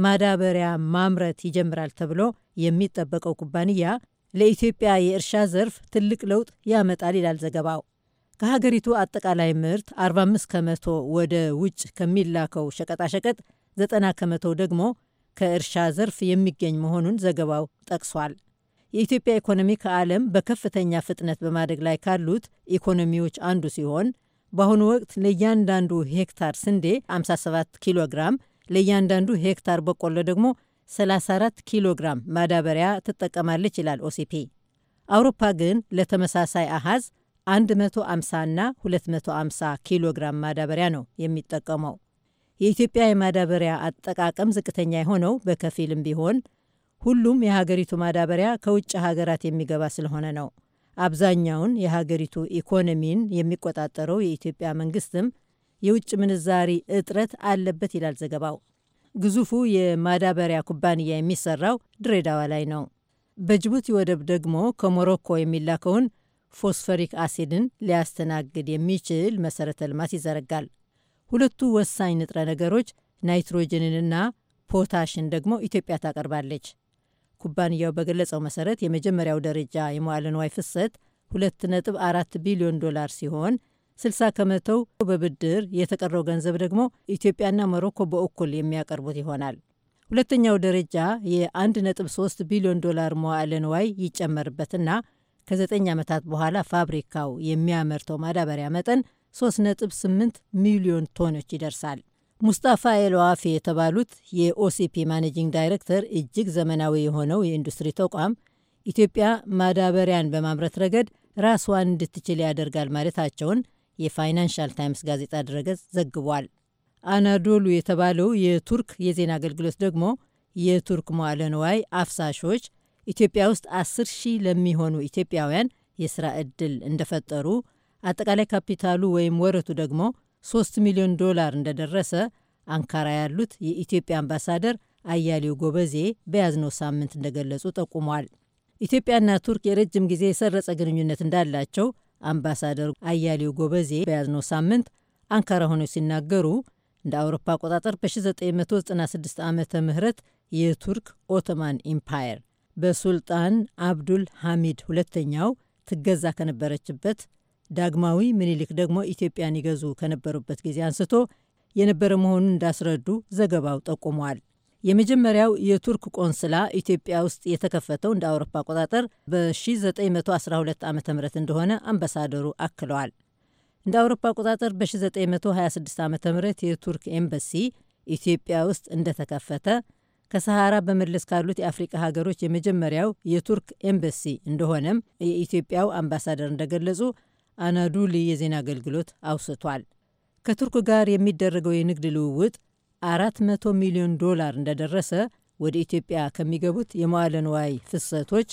Speaker 4: ማዳበሪያ ማምረት ይጀምራል ተብሎ የሚጠበቀው ኩባንያ ለኢትዮጵያ የእርሻ ዘርፍ ትልቅ ለውጥ ያመጣል ይላል ዘገባው። ከሀገሪቱ አጠቃላይ ምርት 45 ከመቶ ወደ ውጭ ከሚላከው ሸቀጣሸቀጥ፣ 90 ከመቶ ደግሞ ከእርሻ ዘርፍ የሚገኝ መሆኑን ዘገባው ጠቅሷል። የኢትዮጵያ ኢኮኖሚ ከዓለም በከፍተኛ ፍጥነት በማደግ ላይ ካሉት ኢኮኖሚዎች አንዱ ሲሆን በአሁኑ ወቅት ለእያንዳንዱ ሄክታር ስንዴ 57 ኪሎ ግራም፣ ለእያንዳንዱ ሄክታር በቆሎ ደግሞ 34 ኪሎ ግራም ማዳበሪያ ትጠቀማለች ይላል ኦሲፒ። አውሮፓ ግን ለተመሳሳይ አሃዝ 150 ና 250 ኪሎ ግራም ማዳበሪያ ነው የሚጠቀመው። የኢትዮጵያ የማዳበሪያ አጠቃቀም ዝቅተኛ የሆነው በከፊልም ቢሆን ሁሉም የሀገሪቱ ማዳበሪያ ከውጭ ሀገራት የሚገባ ስለሆነ ነው። አብዛኛውን የሀገሪቱ ኢኮኖሚን የሚቆጣጠረው የኢትዮጵያ መንግስትም የውጭ ምንዛሪ እጥረት አለበት ይላል ዘገባው። ግዙፉ የማዳበሪያ ኩባንያ የሚሰራው ድሬዳዋ ላይ ነው። በጅቡቲ ወደብ ደግሞ ከሞሮኮ የሚላከውን ፎስፈሪክ አሲድን ሊያስተናግድ የሚችል መሰረተ ልማት ይዘረጋል። ሁለቱ ወሳኝ ንጥረ ነገሮች ናይትሮጅንንና ፖታሽን ደግሞ ኢትዮጵያ ታቀርባለች። ኩባንያው በገለጸው መሰረት የመጀመሪያው ደረጃ የመዋለ ንዋይ ፍሰት 2.4 ቢሊዮን ዶላር ሲሆን 60 ከመቶው በብድር የተቀረው ገንዘብ ደግሞ ኢትዮጵያና ሞሮኮ በእኩል የሚያቀርቡት ይሆናል። ሁለተኛው ደረጃ የ1.3 ቢሊዮን ዶላር መዋለ ንዋይ ይጨመርበትና ከዘጠኝ ዓመታት በኋላ ፋብሪካው የሚያመርተው ማዳበሪያ መጠን 3.8 ሚሊዮን ቶኖች ይደርሳል። ሙስጣፋ ኤልዋፊ የተባሉት የኦሲፒ ማኔጂንግ ዳይሬክተር እጅግ ዘመናዊ የሆነው የኢንዱስትሪ ተቋም ኢትዮጵያ ማዳበሪያን በማምረት ረገድ ራስዋን እንድትችል ያደርጋል ማለታቸውን የፋይናንሻል ታይምስ ጋዜጣ ድረገጽ ዘግቧል። አናዶሉ የተባለው የቱርክ የዜና አገልግሎት ደግሞ የቱርክ መዋለ ንዋይ አፍሳሾች ኢትዮጵያ ውስጥ አስር ሺህ ለሚሆኑ ኢትዮጵያውያን የሥራ ዕድል እንደፈጠሩ፣ አጠቃላይ ካፒታሉ ወይም ወረቱ ደግሞ 3 ሚሊዮን ዶላር እንደደረሰ አንካራ ያሉት የኢትዮጵያ አምባሳደር አያሌው ጎበዜ በያዝነው ሳምንት እንደገለጹ ጠቁሟል። ኢትዮጵያና ቱርክ የረጅም ጊዜ የሰረጸ ግንኙነት እንዳላቸው አምባሳደር አያሌው ጎበዜ በያዝነው ሳምንት አንካራ ሆነው ሲናገሩ እንደ አውሮፓ አቆጣጠር በ1996 ዓ ም የቱርክ ኦቶማን ኢምፓየር በሱልጣን አብዱል ሐሚድ ሁለተኛው ትገዛ ከነበረችበት፣ ዳግማዊ ምኒልክ ደግሞ ኢትዮጵያን ይገዙ ከነበሩበት ጊዜ አንስቶ የነበረ መሆኑን እንዳስረዱ ዘገባው ጠቁሟል። የመጀመሪያው የቱርክ ቆንስላ ኢትዮጵያ ውስጥ የተከፈተው እንደ አውሮፓ አቆጣጠር በ1912 ዓ ም እንደሆነ አምባሳደሩ አክለዋል። እንደ አውሮፓ አቆጣጠር በ1926 ዓ ም የቱርክ ኤምበሲ ኢትዮጵያ ውስጥ እንደተከፈተ ከሰሃራ በመለስ ካሉት የአፍሪቃ ሀገሮች የመጀመሪያው የቱርክ ኤምበሲ እንደሆነም የኢትዮጵያው አምባሳደር እንደገለጹ አናዱሊ የዜና አገልግሎት አውስቷል። ከቱርክ ጋር የሚደረገው የንግድ ልውውጥ 400 ሚሊዮን ዶላር እንደደረሰ ወደ ኢትዮጵያ ከሚገቡት የመዋለ ንዋይ ፍሰቶች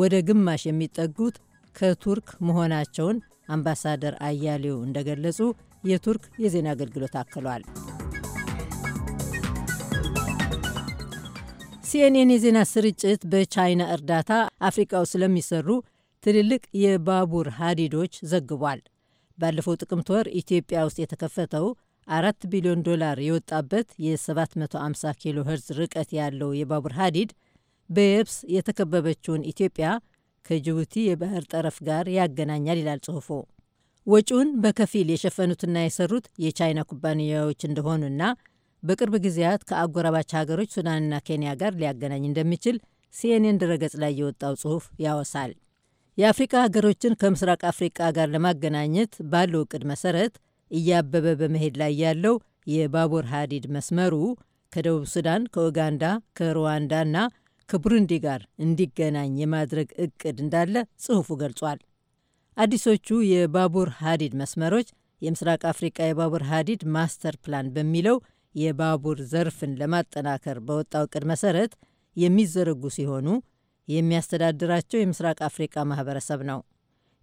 Speaker 4: ወደ ግማሽ የሚጠጉት ከቱርክ መሆናቸውን አምባሳደር አያሌው እንደገለጹ የቱርክ የዜና አገልግሎት አክሏል። ሲኤንኤን የዜና ስርጭት በቻይና እርዳታ አፍሪቃ ውስጥ ስለሚሰሩ ትልልቅ የባቡር ሀዲዶች ዘግቧል። ባለፈው ጥቅምት ወር ኢትዮጵያ ውስጥ የተከፈተው አራት ቢሊዮን ዶላር የወጣበት የ750 ኪሎ ሄርዝ ርቀት ያለው የባቡር ሀዲድ በየብስ የተከበበችውን ኢትዮጵያ ከጅቡቲ የባህር ጠረፍ ጋር ያገናኛል ይላል ጽሑፉ። ወጪውን በከፊል የሸፈኑትና የሰሩት የቻይና ኩባንያዎች እንደሆኑና በቅርብ ጊዜያት ከአጎራባች ሀገሮች ሱዳንና ኬንያ ጋር ሊያገናኝ እንደሚችል ሲኤንኤን ድረገጽ ላይ የወጣው ጽሑፍ ያወሳል። የአፍሪካ ሀገሮችን ከምስራቅ አፍሪቃ ጋር ለማገናኘት ባለው እቅድ መሰረት እያበበ በመሄድ ላይ ያለው የባቡር ሀዲድ መስመሩ ከደቡብ ሱዳን፣ ከኡጋንዳ፣ ከሩዋንዳ ከቡሩንዲ ጋር እንዲገናኝ የማድረግ እቅድ እንዳለ ጽሑፉ ገልጿል። አዲሶቹ የባቡር ሀዲድ መስመሮች የምስራቅ አፍሪቃ የባቡር ሀዲድ ማስተር ፕላን በሚለው የባቡር ዘርፍን ለማጠናከር በወጣው ዕቅድ መሰረት የሚዘረጉ ሲሆኑ የሚያስተዳድራቸው የምስራቅ አፍሪቃ ማህበረሰብ ነው።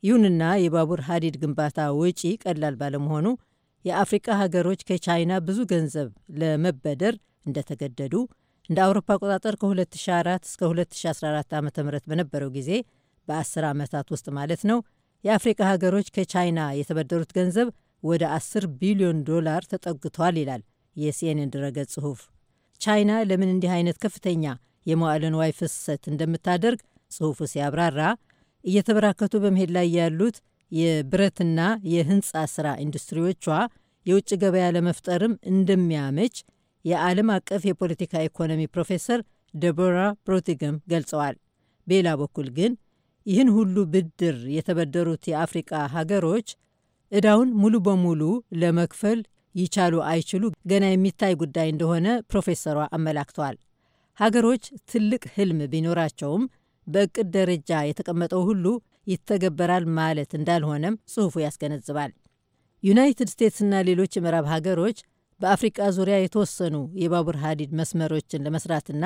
Speaker 4: ይሁንና የባቡር ሀዲድ ግንባታ ወጪ ቀላል ባለመሆኑ የአፍሪቃ ሀገሮች ከቻይና ብዙ ገንዘብ ለመበደር እንደተገደዱ እንደ አውሮፓ አቆጣጠር ከ2004 እስከ 2014 ዓ ም በነበረው ጊዜ በ10 ዓመታት ውስጥ ማለት ነው የአፍሪቃ ሀገሮች ከቻይና የተበደሩት ገንዘብ ወደ 10 ቢሊዮን ዶላር ተጠግቷል ይላል የሲኤንኤን ድረገጽ ጽሑፍ። ቻይና ለምን እንዲህ አይነት ከፍተኛ የመዋዕለ ንዋይ ፍሰት እንደምታደርግ ጽሑፉ ሲያብራራ እየተበራከቱ በመሄድ ላይ ያሉት የብረትና የህንፃ ስራ ኢንዱስትሪዎቿ የውጭ ገበያ ለመፍጠርም እንደሚያመች የዓለም አቀፍ የፖለቲካ ኢኮኖሚ ፕሮፌሰር ደቦራ ፕሮቲግም ገልጸዋል። በሌላ በኩል ግን ይህን ሁሉ ብድር የተበደሩት የአፍሪቃ ሀገሮች ዕዳውን ሙሉ በሙሉ ለመክፈል ይቻሉ አይችሉ ገና የሚታይ ጉዳይ እንደሆነ ፕሮፌሰሯ አመላክተዋል። ሀገሮች ትልቅ ህልም ቢኖራቸውም በእቅድ ደረጃ የተቀመጠው ሁሉ ይተገበራል ማለት እንዳልሆነም ጽሑፉ ያስገነዝባል። ዩናይትድ ስቴትስና ሌሎች የምዕራብ ሀገሮች በአፍሪቃ ዙሪያ የተወሰኑ የባቡር ሀዲድ መስመሮችን ለመስራትና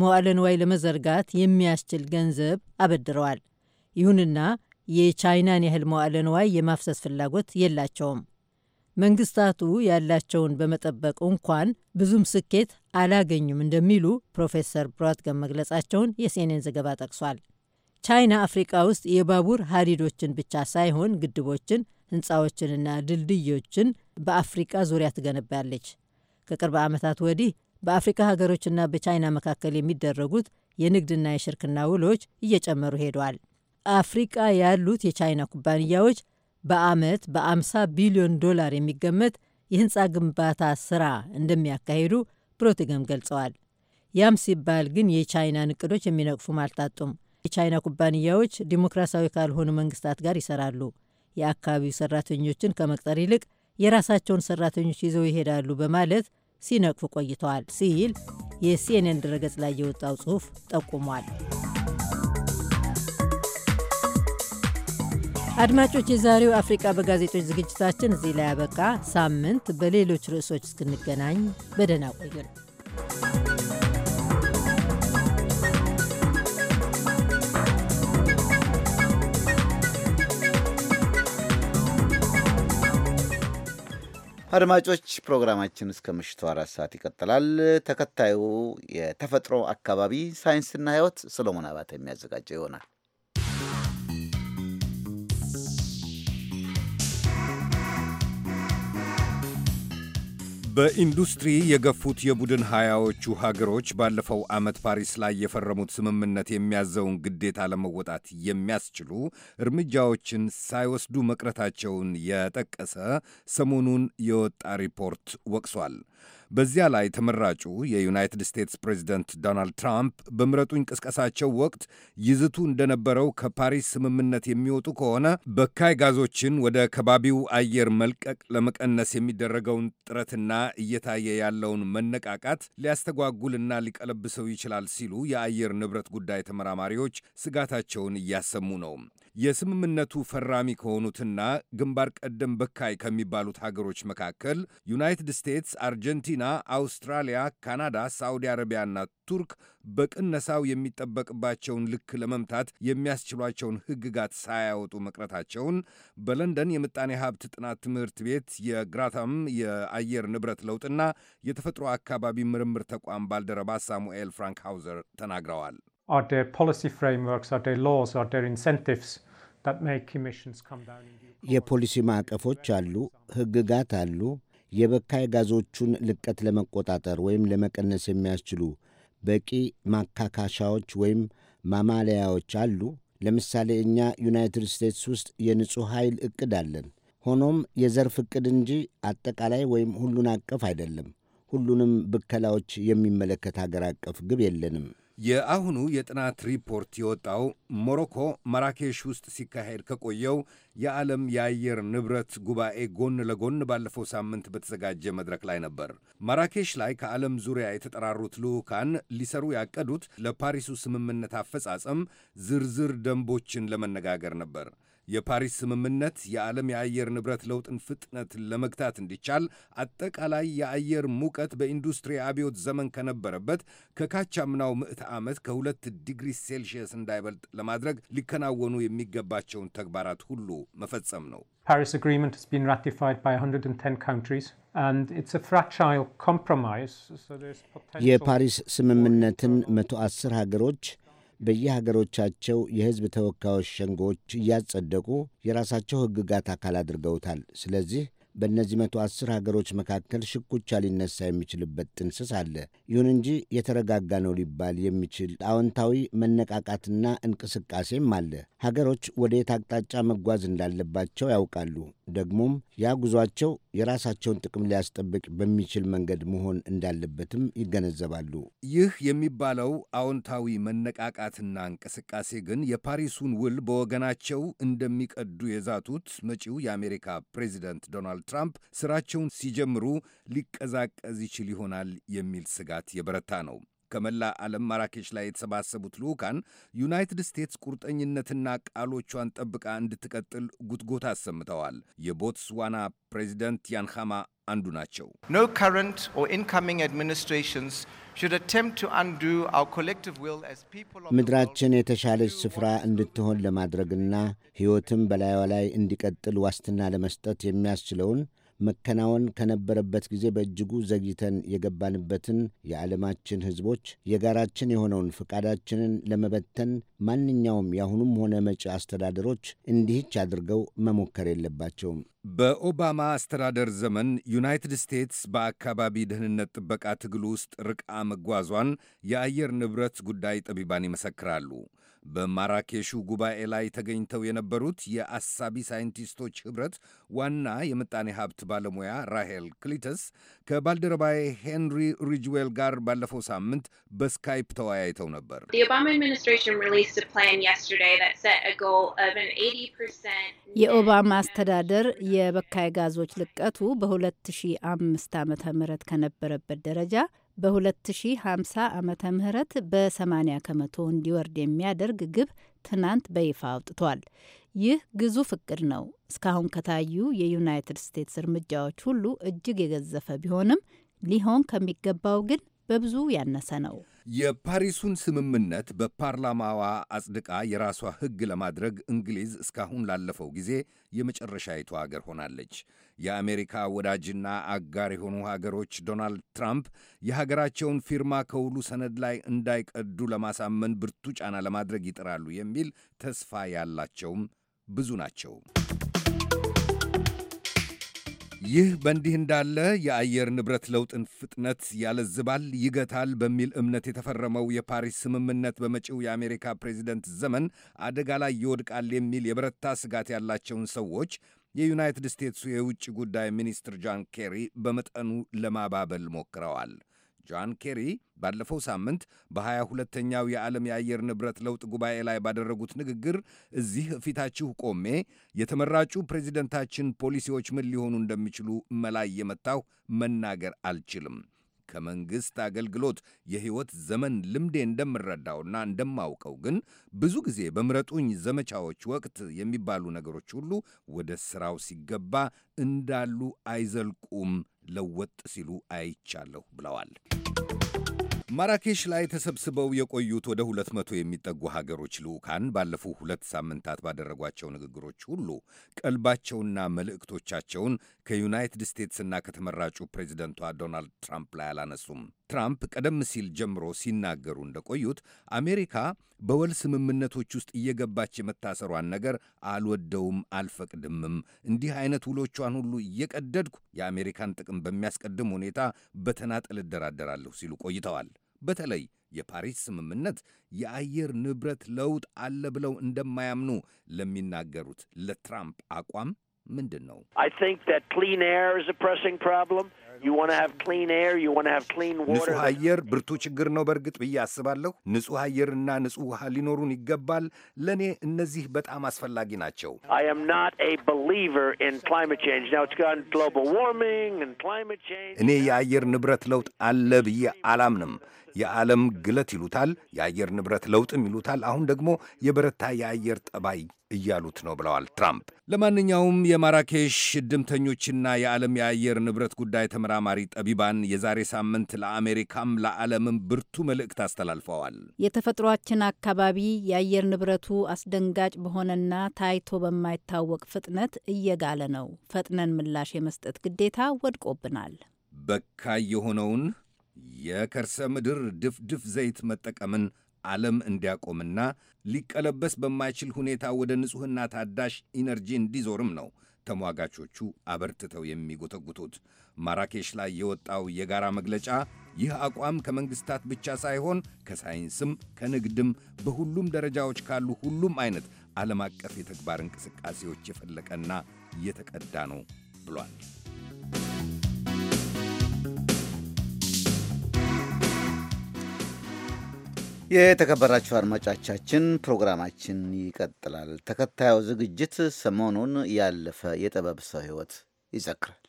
Speaker 4: መዋለንዋይ ንዋይ ለመዘርጋት የሚያስችል ገንዘብ አበድረዋል። ይሁንና የቻይናን ያህል መዋለንዋይ ንዋይ የማፍሰስ ፍላጎት የላቸውም። መንግስታቱ ያላቸውን በመጠበቅ እንኳን ብዙም ስኬት አላገኙም እንደሚሉ ፕሮፌሰር ብራትገን መግለጻቸውን የሲኤንኤን ዘገባ ጠቅሷል። ቻይና አፍሪቃ ውስጥ የባቡር ሀዲዶችን ብቻ ሳይሆን ግድቦችን፣ ህንፃዎችንና ድልድዮችን በአፍሪቃ ዙሪያ ትገነባለች። ከቅርብ ዓመታት ወዲህ በአፍሪካ ሀገሮችና በቻይና መካከል የሚደረጉት የንግድና የሽርክና ውሎች እየጨመሩ ሄደዋል። አፍሪቃ ያሉት የቻይና ኩባንያዎች በአመት በ50 ቢሊዮን ዶላር የሚገመት የህንፃ ግንባታ ስራ እንደሚያካሂዱ ብሮትገም ገልጸዋል። ያም ሲባል ግን የቻይናን እቅዶች የሚነቅፉም አልታጡም። የቻይና ኩባንያዎች ዲሞክራሲያዊ ካልሆኑ መንግስታት ጋር ይሰራሉ። የአካባቢው ሰራተኞችን ከመቅጠር ይልቅ የራሳቸውን ሰራተኞች ይዘው ይሄዳሉ በማለት ሲነቅፉ ቆይተዋል ሲል የሲኤንኤን ድረገጽ ላይ የወጣው ጽሑፍ ጠቁሟል። አድማጮች፣ የዛሬው አፍሪቃ በጋዜጦች ዝግጅታችን እዚህ ላይ ያበቃ። ሳምንት በሌሎች ርዕሶች እስክንገናኝ በደህና ቆዩን።
Speaker 2: አድማጮች ፕሮግራማችን እስከ ምሽቱ አራት ሰዓት ይቀጥላል። ተከታዩ የተፈጥሮ አካባቢ ሳይንስና ሕይወት ሰሎሞን አባተ የሚያዘጋጀው ይሆናል።
Speaker 1: በኢንዱስትሪ የገፉት የቡድን ሀያዎቹ ሀገሮች ባለፈው ዓመት ፓሪስ ላይ የፈረሙት ስምምነት የሚያዘውን ግዴታ ለመወጣት የሚያስችሉ እርምጃዎችን ሳይወስዱ መቅረታቸውን የጠቀሰ ሰሞኑን የወጣ ሪፖርት ወቅሷል። በዚያ ላይ ተመራጩ የዩናይትድ ስቴትስ ፕሬዚደንት ዶናልድ ትራምፕ በምረጡኝ ቅስቀሳቸው ወቅት ይዝቱ እንደነበረው ከፓሪስ ስምምነት የሚወጡ ከሆነ በካይ ጋዞችን ወደ ከባቢው አየር መልቀቅ ለመቀነስ የሚደረገውን ጥረትና እየታየ ያለውን መነቃቃት ሊያስተጓጉልና ሊቀለብሰው ይችላል ሲሉ የአየር ንብረት ጉዳይ ተመራማሪዎች ስጋታቸውን እያሰሙ ነው። የስምምነቱ ፈራሚ ከሆኑትና ግንባር ቀደም በካይ ከሚባሉት ሀገሮች መካከል ዩናይትድ ስቴትስ፣ አርጀንቲና፣ አውስትራሊያ፣ ካናዳ፣ ሳዑዲ አረቢያና ቱርክ በቅነሳው የሚጠበቅባቸውን ልክ ለመምታት የሚያስችሏቸውን ሕግጋት ሳያወጡ መቅረታቸውን በለንደን የምጣኔ ሀብት ጥናት ትምህርት ቤት የግራታም የአየር ንብረት ለውጥና የተፈጥሮ አካባቢ ምርምር ተቋም ባልደረባ ሳሙኤል ፍራንክ ሃውዘር ተናግረዋል። Are
Speaker 5: there policy frameworks? Are there laws? Are there incentives?
Speaker 10: የፖሊሲ ማዕቀፎች አሉ፣ ህግጋት አሉ። የበካይ ጋዞቹን ልቀት ለመቆጣጠር ወይም ለመቀነስ የሚያስችሉ በቂ ማካካሻዎች ወይም ማማለያዎች አሉ። ለምሳሌ እኛ ዩናይትድ ስቴትስ ውስጥ የንጹሕ ኃይል ዕቅድ አለን። ሆኖም የዘርፍ ዕቅድ እንጂ አጠቃላይ ወይም ሁሉን አቀፍ አይደለም። ሁሉንም ብከላዎች የሚመለከት አገር አቀፍ ግብ የለንም።
Speaker 1: የአሁኑ የጥናት ሪፖርት የወጣው ሞሮኮ ማራኬሽ ውስጥ ሲካሄድ ከቆየው የዓለም የአየር ንብረት ጉባኤ ጎን ለጎን ባለፈው ሳምንት በተዘጋጀ መድረክ ላይ ነበር። ማራኬሽ ላይ ከዓለም ዙሪያ የተጠራሩት ልዑካን ሊሰሩ ያቀዱት ለፓሪሱ ስምምነት አፈጻጸም ዝርዝር ደንቦችን ለመነጋገር ነበር። የፓሪስ ስምምነት የዓለም የአየር ንብረት ለውጥን ፍጥነት ለመግታት እንዲቻል አጠቃላይ የአየር ሙቀት በኢንዱስትሪ አብዮት ዘመን ከነበረበት ከካቻምናው ምዕተ ዓመት ከሁለት ዲግሪ ሴልሽየስ እንዳይበልጥ ለማድረግ ሊከናወኑ የሚገባቸውን ተግባራት ሁሉ መፈጸም ነው።
Speaker 5: ፓሪስ አግሪመንት has been ratified by 110 countries
Speaker 3: የፓሪስ
Speaker 10: ስምምነትን 110 ሀገሮች በየሀገሮቻቸው የሕዝብ ተወካዮች ሸንጎዎች እያጸደቁ የራሳቸው ሕግጋት አካል አድርገውታል። ስለዚህ በእነዚህ መቶ አስር ሀገሮች መካከል ሽኩቻ ሊነሳ የሚችልበት ጥንስስ አለ። ይሁን እንጂ የተረጋጋ ነው ሊባል የሚችል አዎንታዊ መነቃቃትና እንቅስቃሴም አለ። ሀገሮች ወደ የት አቅጣጫ መጓዝ እንዳለባቸው ያውቃሉ። ደግሞም ያ ጉዟቸው የራሳቸውን ጥቅም ሊያስጠብቅ በሚችል መንገድ መሆን እንዳለበትም ይገነዘባሉ።
Speaker 1: ይህ የሚባለው አዎንታዊ መነቃቃትና እንቅስቃሴ ግን የፓሪሱን ውል በወገናቸው እንደሚቀዱ የዛቱት መጪው የአሜሪካ ፕሬዚደንት ዶናልድ ትራምፕ ስራቸውን ሲጀምሩ ሊቀዛቀዝ ይችል ይሆናል የሚል ስጋት የበረታ ነው። ከመላ ዓለም ማራኬሽ ላይ የተሰባሰቡት ልዑካን ዩናይትድ ስቴትስ ቁርጠኝነትና ቃሎቿን ጠብቃ እንድትቀጥል ጉትጎታ አሰምተዋል። የቦትስዋና ፕሬዚደንት ያንሃማ አንዱ ናቸው።
Speaker 10: ምድራችን የተሻለች ስፍራ እንድትሆን ለማድረግና ሕይወትም በላይዋ ላይ እንዲቀጥል ዋስትና ለመስጠት የሚያስችለውን መከናወን ከነበረበት ጊዜ በእጅጉ ዘግይተን የገባንበትን የዓለማችን ሕዝቦች የጋራችን የሆነውን ፈቃዳችንን ለመበተን ማንኛውም የአሁኑም ሆነ መጪ አስተዳደሮች እንዲህች አድርገው መሞከር የለባቸውም።
Speaker 1: በኦባማ አስተዳደር ዘመን ዩናይትድ ስቴትስ በአካባቢ ደህንነት ጥበቃ ትግል ውስጥ ርቃ መጓዟን የአየር ንብረት ጉዳይ ጠቢባን ይመሰክራሉ። በማራኬሹ ጉባኤ ላይ ተገኝተው የነበሩት የአሳቢ ሳይንቲስቶች ኅብረት ዋና የምጣኔ ሀብት ባለሙያ ራሄል ክሊተስ ከባልደረባዬ ሄንሪ ሪጅዌል ጋር ባለፈው ሳምንት በስካይፕ ተወያይተው ነበር።
Speaker 9: የኦባማ አስተዳደር የበካይ ጋዞች ልቀቱ በ2005 ዓ ም ከነበረበት ደረጃ በ2050 ዓ ም በ80 ከመቶ እንዲወርድ የሚያደርግ ግብ ትናንት በይፋ አውጥቷል። ይህ ግዙፍ እቅድ ነው። እስካሁን ከታዩ የዩናይትድ ስቴትስ እርምጃዎች ሁሉ እጅግ የገዘፈ ቢሆንም ሊሆን ከሚገባው ግን በብዙ ያነሰ ነው።
Speaker 1: የፓሪሱን ስምምነት በፓርላማዋ አጽድቃ የራሷ ሕግ ለማድረግ እንግሊዝ እስካሁን ላለፈው ጊዜ የመጨረሻይቱ አገር ሆናለች። የአሜሪካ ወዳጅና አጋር የሆኑ ሀገሮች ዶናልድ ትራምፕ የሀገራቸውን ፊርማ ከውሉ ሰነድ ላይ እንዳይቀዱ ለማሳመን ብርቱ ጫና ለማድረግ ይጥራሉ የሚል ተስፋ ያላቸውም ብዙ ናቸው። ይህ በእንዲህ እንዳለ የአየር ንብረት ለውጥን ፍጥነት ያለዝባል፣ ይገታል በሚል እምነት የተፈረመው የፓሪስ ስምምነት በመጪው የአሜሪካ ፕሬዚደንት ዘመን አደጋ ላይ ይወድቃል የሚል የበረታ ስጋት ያላቸውን ሰዎች የዩናይትድ ስቴትሱ የውጭ ጉዳይ ሚኒስትር ጃን ኬሪ በመጠኑ ለማባበል ሞክረዋል። ጆን ኬሪ ባለፈው ሳምንት በሃያ ሁለተኛው የዓለም የአየር ንብረት ለውጥ ጉባኤ ላይ ባደረጉት ንግግር እዚህ ፊታችሁ ቆሜ የተመራጩ ፕሬዚደንታችን ፖሊሲዎች ምን ሊሆኑ እንደሚችሉ መላይ እየመታሁ መናገር አልችልም። ከመንግሥት አገልግሎት የሕይወት ዘመን ልምዴ እንደምረዳውና እንደማውቀው ግን ብዙ ጊዜ በምረጡኝ ዘመቻዎች ወቅት የሚባሉ ነገሮች ሁሉ ወደ ሥራው ሲገባ እንዳሉ አይዘልቁም፣ ለወጥ ሲሉ አይቻለሁ ብለዋል። ማራኬሽ ላይ ተሰብስበው የቆዩት ወደ ሁለት መቶ የሚጠጉ ሀገሮች ልዑካን ባለፉ ሁለት ሳምንታት ባደረጓቸው ንግግሮች ሁሉ ቀልባቸውና መልእክቶቻቸውን ከዩናይትድ ስቴትስና ከተመራጩ ፕሬዚደንቷ ዶናልድ ትራምፕ ላይ አላነሱም። ትራምፕ ቀደም ሲል ጀምሮ ሲናገሩ እንደቆዩት አሜሪካ በወል ስምምነቶች ውስጥ እየገባች የመታሰሯን ነገር አልወደውም፣ አልፈቅድምም። እንዲህ አይነት ውሎቿን ሁሉ እየቀደድኩ የአሜሪካን ጥቅም በሚያስቀድም ሁኔታ በተናጠል እደራደራለሁ ሲሉ ቆይተዋል። በተለይ የፓሪስ ስምምነት የአየር ንብረት ለውጥ አለ ብለው እንደማያምኑ ለሚናገሩት ለትራምፕ አቋም ምንድን ነው?
Speaker 6: ንጹህ
Speaker 1: አየር ብርቱ ችግር ነው በእርግጥ ብዬ አስባለሁ። ንጹህ አየርና ንጹህ ውሃ ሊኖሩን ይገባል። ለእኔ እነዚህ በጣም አስፈላጊ ናቸው። እኔ የአየር ንብረት ለውጥ አለ ብዬ አላምንም። የዓለም ግለት ይሉታል፣ የአየር ንብረት ለውጥም ይሉታል። አሁን ደግሞ የበረታ የአየር ጠባይ እያሉት ነው ብለዋል ትራምፕ። ለማንኛውም የማራኬሽ ድምተኞችና የዓለም የአየር ንብረት ጉዳይ ተመ ተመራማሪ ጠቢባን የዛሬ ሳምንት ለአሜሪካም ለዓለምም ብርቱ መልእክት አስተላልፈዋል።
Speaker 9: የተፈጥሯችን አካባቢ የአየር ንብረቱ አስደንጋጭ በሆነና ታይቶ በማይታወቅ ፍጥነት እየጋለ ነው። ፈጥነን ምላሽ የመስጠት ግዴታ ወድቆብናል።
Speaker 1: በካይ የሆነውን የከርሰ ምድር ድፍድፍ ዘይት መጠቀምን ዓለም እንዲያቆምና ሊቀለበስ በማይችል ሁኔታ ወደ ንጹሕና ታዳሽ ኢነርጂ እንዲዞርም ነው ተሟጋቾቹ አበርትተው የሚጎተጉቱት። ማራኬሽ ላይ የወጣው የጋራ መግለጫ ይህ አቋም ከመንግስታት ብቻ ሳይሆን ከሳይንስም ከንግድም በሁሉም ደረጃዎች ካሉ ሁሉም አይነት ዓለም አቀፍ የተግባር እንቅስቃሴዎች የፈለቀና የተቀዳ ነው ብሏል።
Speaker 2: የተከበራችሁ አድማጮቻችን ፕሮግራማችን ይቀጥላል። ተከታዩ ዝግጅት ሰሞኑን ያለፈ የጥበብ ሰው ሕይወት ይዘክራል።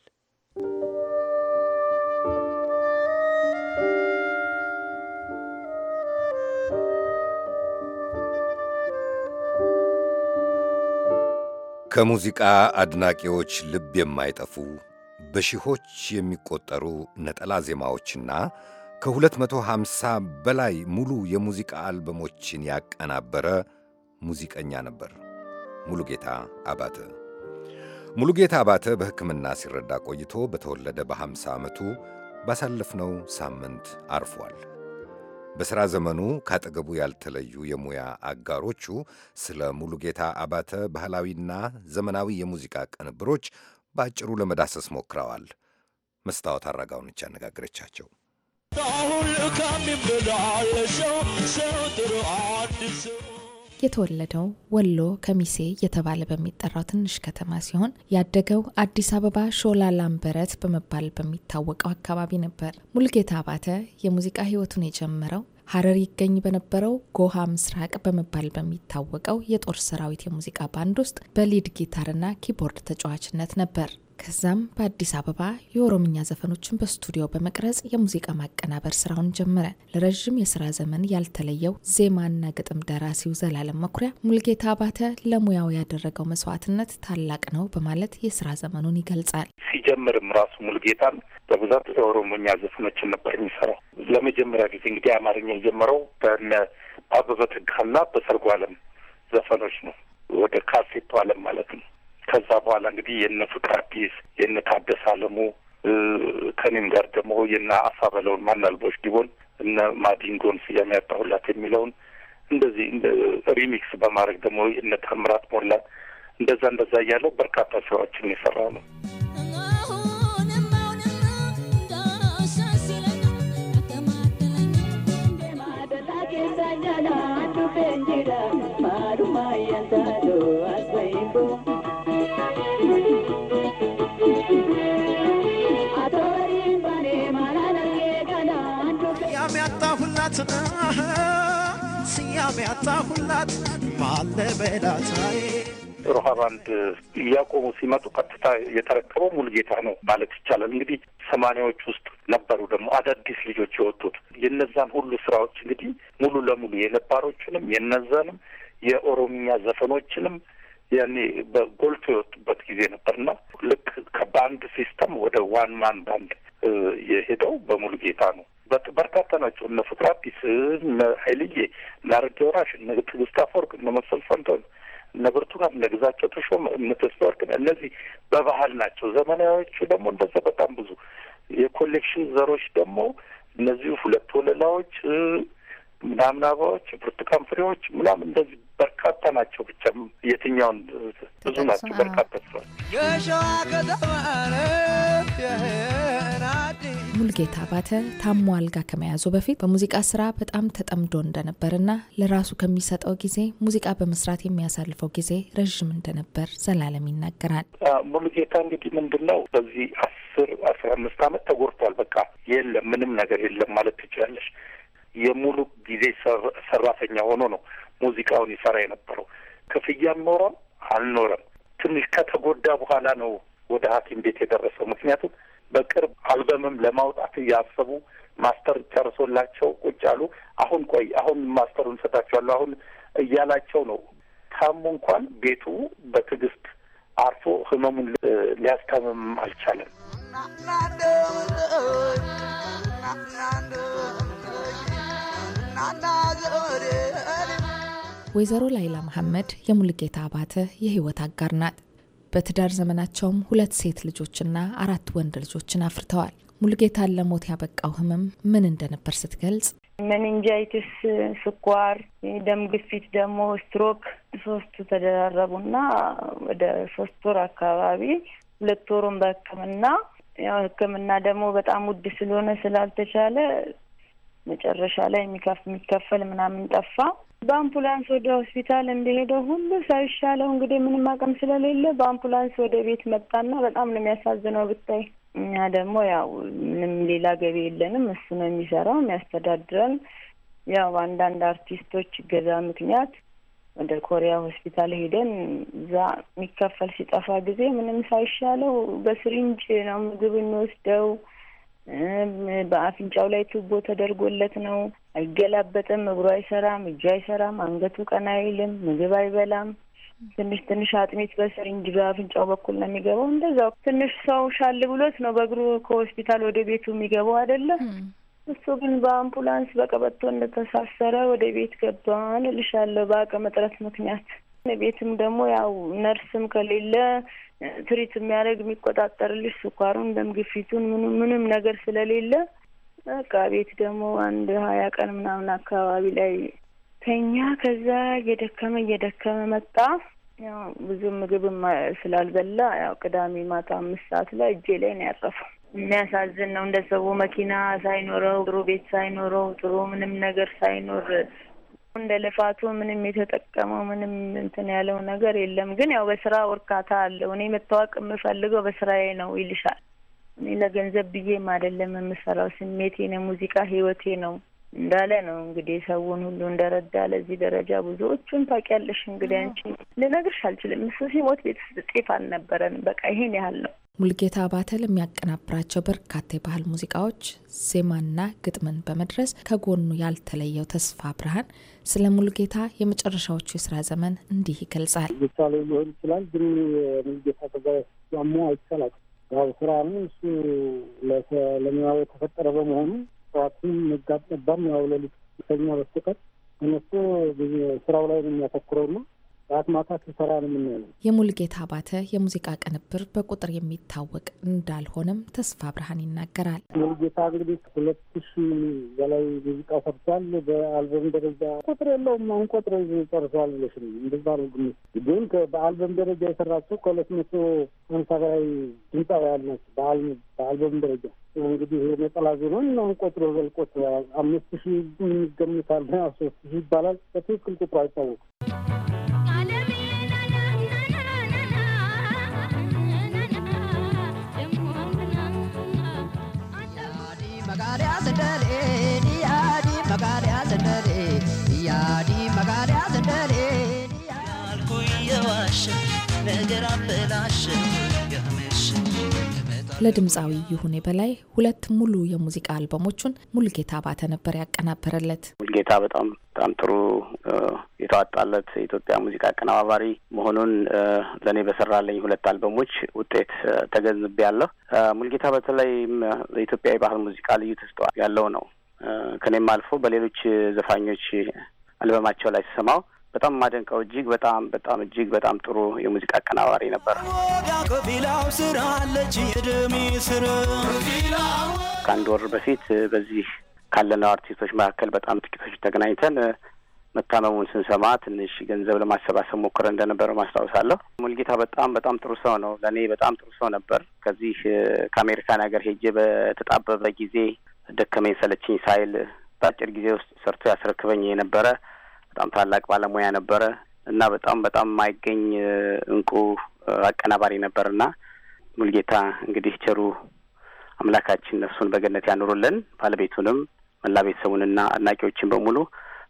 Speaker 1: ከሙዚቃ አድናቂዎች ልብ የማይጠፉ በሺሆች የሚቆጠሩ ነጠላ ዜማዎችና ከ250 በላይ ሙሉ የሙዚቃ አልበሞችን ያቀናበረ ሙዚቀኛ ነበር ሙሉጌታ አባተ። ሙሉጌታ አባተ በሕክምና ሲረዳ ቆይቶ በተወለደ በ50 ዓመቱ ባሳለፍነው ሳምንት አርፏል። በሥራ ዘመኑ ካጠገቡ ያልተለዩ የሙያ አጋሮቹ ስለ ሙሉጌታ አባተ ባህላዊና ዘመናዊ የሙዚቃ ቅንብሮች በአጭሩ ለመዳሰስ ሞክረዋል። መስታወት አራጋው ነች ያነጋገረቻቸው።
Speaker 5: አሁን
Speaker 11: የተወለደው ወሎ ከሚሴ እየተባለ በሚጠራው ትንሽ ከተማ ሲሆን ያደገው አዲስ አበባ ሾላ ላምበረት በመባል በሚታወቀው አካባቢ ነበር። ሙልጌታ አባተ የሙዚቃ ሕይወቱን የጀመረው ሀረር ይገኝ በነበረው ጎሃ ምስራቅ በመባል በሚታወቀው የጦር ሰራዊት የሙዚቃ ባንድ ውስጥ በሊድ ጊታርና ኪቦርድ ተጫዋችነት ነበር። ከዛም በአዲስ አበባ የኦሮምኛ ዘፈኖችን በስቱዲዮ በመቅረጽ የሙዚቃ ማቀናበር ስራውን ጀመረ። ለረዥም የስራ ዘመን ያልተለየው ዜማና ግጥም ደራሲው ዘላለም መኩሪያ ሙልጌታ አባተ ለሙያው ያደረገው መስዋዕትነት ታላቅ ነው በማለት የስራ ዘመኑን ይገልጻል።
Speaker 6: ሲጀምርም ራሱ ሙልጌታን በብዛት የኦሮሞኛ ዘፈኖችን ነበር የሚሰራው። ለመጀመሪያ ጊዜ እንግዲህ አማርኛ የጀመረው በነ አበበ ተካና በሰርጉ ዘፈኖች ነው። ወደ ካሴቱ አለም ማለት ነው። ከዛ በኋላ እንግዲህ የነ ፍቅር አዲስ የነ ታደስ አለሙ ከኔም ጋር ደግሞ የነ አሳ በለውን ማናልቦች ዲቦን እነ ማዲንጎን ስያሜ ያጣሁላት የሚለውን እንደዚህ ሪሚክስ በማድረግ ደግሞ የነ ተምራት ሞላት እንደዛ እንደዛ እያለው በርካታ ስራዎችን የሰራ ነው።
Speaker 12: Thank you.
Speaker 8: ስያሜ
Speaker 6: ሮሃ ባንድ እያቆሙ ሲመጡ ቀጥታ የተረከበው ሙሉጌታ ነው ማለት ይቻላል። እንግዲህ ሰማኒያዎች ውስጥ ነበሩ ደግሞ አዳዲስ ልጆች የወጡት የነዛን ሁሉ ስራዎች እንግዲህ ሙሉ ለሙሉ የነባሮችንም የነዛንም የኦሮምኛ ዘፈኖችንም ያኔ በጎልቶ የወጡበት ጊዜ ነበርና ልክ ከባንድ ሲስተም ወደ ዋን ማን ባንድ የሄደው በሙሉ ጌታ ነው። በርካታ ናቸው። እነ ፍቅራፒስ፣ እነ ኃይልዬ፣ እነ አረጌ ወራሽ፣ እነ ትዕግስት አፈወርቅ፣ እነ መሰል ፈንታሁን፣ እነ ብርቱካን፣ እነ ግዛቸው ተሾመ፣ እነ ተስፋ ወርቅ እነዚህ በባህል ናቸው። ዘመናዊዎቹ ደግሞ እንደዛ በጣም ብዙ የኮሌክሽን ዘሮች ደግሞ እነዚሁ ሁለት ወለላዎች፣ ምናምናባዎች፣ ብርቱካን ፍሬዎች ምናምን እንደዚህ በርካታ ናቸው። ብቻ የትኛውን ብዙ ናቸው፣ በርካታ ስራዎች።
Speaker 11: ሙልጌታ አባተ ታሞ አልጋ ከመያዙ በፊት በሙዚቃ ስራ በጣም ተጠምዶ እንደነበርና ለራሱ ከሚሰጠው ጊዜ ሙዚቃ በመስራት የሚያሳልፈው ጊዜ ረዥም እንደነበር ዘላለም ይናገራል።
Speaker 6: ሙልጌታ እንግዲህ ምንድን ነው በዚህ አስር አስራ አምስት አመት ተጎድቷል። በቃ የለም ምንም ነገር የለም ማለት ትችላለች። የሙሉ ጊዜ ሰራተኛ ሆኖ ነው ሙዚቃውን ይሰራ የነበረው። ክፍያም ኖረም አልኖረም ትንሽ ከተጎዳ በኋላ ነው ወደ ሐኪም ቤት የደረሰው። ምክንያቱም በቅርብ አልበምም ለማውጣት እያሰቡ ማስተር ጨርሶላቸው ቁጭ አሉ። አሁን ቆይ አሁን ማስተሩን ሰጣቸዋለሁ አሁን እያላቸው ነው። ታሙ እንኳን ቤቱ በትዕግስት አርፎ ህመሙን ሊያስታምም አልቻለም።
Speaker 11: ወይዘሮ ላይላ መሐመድ የሙልጌታ አባተ የህይወት አጋር ናት። በትዳር ዘመናቸውም ሁለት ሴት ልጆችና አራት ወንድ ልጆችን አፍርተዋል። ሙልጌታን ለሞት ያበቃው ህመም ምን እንደነበር ስትገልጽ
Speaker 12: መንንጃይትስ ስኳር፣ ደም ግፊት፣ ደግሞ ስትሮክ ሶስቱ ተደራረቡና ወደ ሶስት ወር አካባቢ ሁለት ወሩን በህክምና ያው ህክምና ደግሞ በጣም ውድ ስለሆነ ስላልተቻለ መጨረሻ ላይ የሚከፈል ምናምን ጠፋ። በአምቡላንስ ወደ ሆስፒታል እንደሄደው ሁሉ ሳይሻለው እንግዲህ ምንም አቅም ስለሌለ በአምቡላንስ ወደ ቤት መጣና በጣም ነው የሚያሳዝነው ብታይ። እኛ ደግሞ ያው ምንም ሌላ ገቢ የለንም። እሱ ነው የሚሰራው የሚያስተዳድረን። ያው አንዳንድ አርቲስቶች ገዛ ምክንያት ወደ ኮሪያ ሆስፒታል ሄደን እዛ የሚከፈል ሲጠፋ ጊዜ ምንም ሳይሻለው በስሪንጅ ነው ምግብ እንወስደው በአፍንጫው ላይ ቱቦ ተደርጎለት ነው። አይገላበጥም። እግሩ አይሰራም፣ እጁ አይሰራም፣ አንገቱ ቀና አይልም፣ ምግብ አይበላም። ትንሽ ትንሽ አጥሚት በስሪንጅ በአፍንጫው በኩል ነው የሚገባው። እንደዛው ትንሽ ሰው ሻል ብሎት ነው በእግሩ ከሆስፒታል ወደ ቤቱ የሚገባው አይደለ? እሱ ግን በአምቡላንስ በቀበቶ እንደተሳሰረ ወደ ቤት ገባ እልልሻለሁ በአቅም እጥረት ምክንያት ቤትም ደግሞ ያው ነርስም ከሌለ ትሪት የሚያደርግ የሚቆጣጠርልሽ ስኳሩን፣ ደም ግፊቱን ምንም ነገር ስለሌለ በቃ ቤት ደግሞ አንድ ሀያ ቀን ምናምን አካባቢ ላይ ተኛ። ከዛ እየደከመ እየደከመ መጣ። ያው ብዙ ምግብም ስላልበላ ያው ቅዳሜ ማታ አምስት ሰዓት ላይ እጄ ላይ ነው ያረፈው። የሚያሳዝን ነው። እንደ ሰው መኪና ሳይኖረው ጥሩ ቤት ሳይኖረው ጥሩ ምንም ነገር ሳይኖር እንደ ልፋቱ ምንም የተጠቀመው ምንም እንትን ያለው ነገር የለም። ግን ያው በስራ እርካታ አለው። እኔ መታወቅ የምፈልገው በስራዬ ነው ይልሻል። እኔ ለገንዘብ ብዬም አይደለም የምሰራው፣ ስሜቴ ነው፣ ሙዚቃ ህይወቴ ነው። እንዳለ ነው እንግዲህ ሰውን ሁሉ እንደረዳ ለዚህ ደረጃ ብዙዎቹን ታውቂያለሽ። እንግዲህ አንቺ ልነግርሽ አልችልም። እሱ ሲሞት ቤት ጤፍ አልነበረንም። በቃ
Speaker 11: ይሄን ያህል ነው። ሙልጌታ አባተ ለሚያቀናብራቸው በርካታ የባህል ሙዚቃዎች ዜማና ግጥምን በመድረስ ከጎኑ ያልተለየው ተስፋ ብርሃን ስለ ሙልጌታ የመጨረሻዎቹ የስራ ዘመን እንዲህ ይገልጻል።
Speaker 6: ምሳሌ ሊሆን ይችላል ግን ሙልጌታ ከዛ ያሞ አይቻላል ያው ስራ ነው እሱ ለሙያው የተፈጠረ በመሆኑ ጠዋትም ንጋት ነበር ያው ለሊት ከኛ በስተቀር እነሱ ስራው ላይ ነው የሚያተኩረውና ሰዓት ማታ ስሰራ ነው የምንውለው።
Speaker 11: የሙልጌታ አባተ የሙዚቃ ቅንብር በቁጥር የሚታወቅ እንዳልሆነም ተስፋ ብርሃን ይናገራል።
Speaker 6: ሙልጌታ እንግዲህ ሁለት ሺ በላይ ሙዚቃ ሰርቷል። በአልበም ደረጃ ቁጥር የለውም። አሁን ቁጥር ጨርሰዋል ብለሽ ነው እንደዛ ነው ግምት። ግን በአልበም ደረጃ የሰራቸው ከሁለት መቶ ሀምሳ በላይ ድምፃውያን ናቸው በአልበም ደረጃ እንግዲህ ነጠላ ዜማን አሁን ቆጥሮ ዘልቆት አምስት ሺህ የሚገምታል ሶስት ሺህ ይባላል። በትክክል ቁጥሩ አይታወቅም።
Speaker 4: ነገር አበላሸ
Speaker 11: ያመሽ ለድምፃዊ ይሁኔ በላይ ሁለት ሙሉ የሙዚቃ አልበሞቹን ሙልጌታ አባተ ነበር ያቀናበረለት።
Speaker 13: ሙልጌታ በጣም በጣም ጥሩ የተዋጣለት የኢትዮጵያ ሙዚቃ አቀነባባሪ መሆኑን ለእኔ በሰራለኝ ሁለት አልበሞች ውጤት ተገንዝቤ ያለሁ። ሙልጌታ በተለይም ለኢትዮጵያ የባህል ሙዚቃ ልዩ ተስጦ ያለው ነው። ከኔም አልፎ በሌሎች ዘፋኞች አልበማቸው ላይ ስሰማው በጣም ማደንቀው እጅግ በጣም በጣም እጅግ በጣም ጥሩ የሙዚቃ አቀናባሪ ነበር። ከአንድ ወር በፊት በዚህ ካለነው አርቲስቶች መካከል በጣም ጥቂቶች ተገናኝተን መታመሙን ስንሰማ ትንሽ ገንዘብ ለማሰባሰብ ሞክረን እንደነበረ ማስታወሳለሁ። ሙልጌታ በጣም በጣም ጥሩ ሰው ነው። ለእኔ በጣም ጥሩ ሰው ነበር። ከዚህ ከአሜሪካን ሀገር ሄጄ በተጣበበ ጊዜ ደከመኝ ሰለችኝ ሳይል በአጭር ጊዜ ውስጥ ሰርቶ ያስረክበኝ የነበረ በጣም ታላቅ ባለሙያ ነበረ እና በጣም በጣም የማይገኝ እንቁ አቀናባሪ ነበርና ሙልጌታ እንግዲህ ቸሩ አምላካችን ነፍሱን በገነት ያኑሩልን ባለቤቱንም መላ ቤተሰቡንና አድናቂዎችን በሙሉ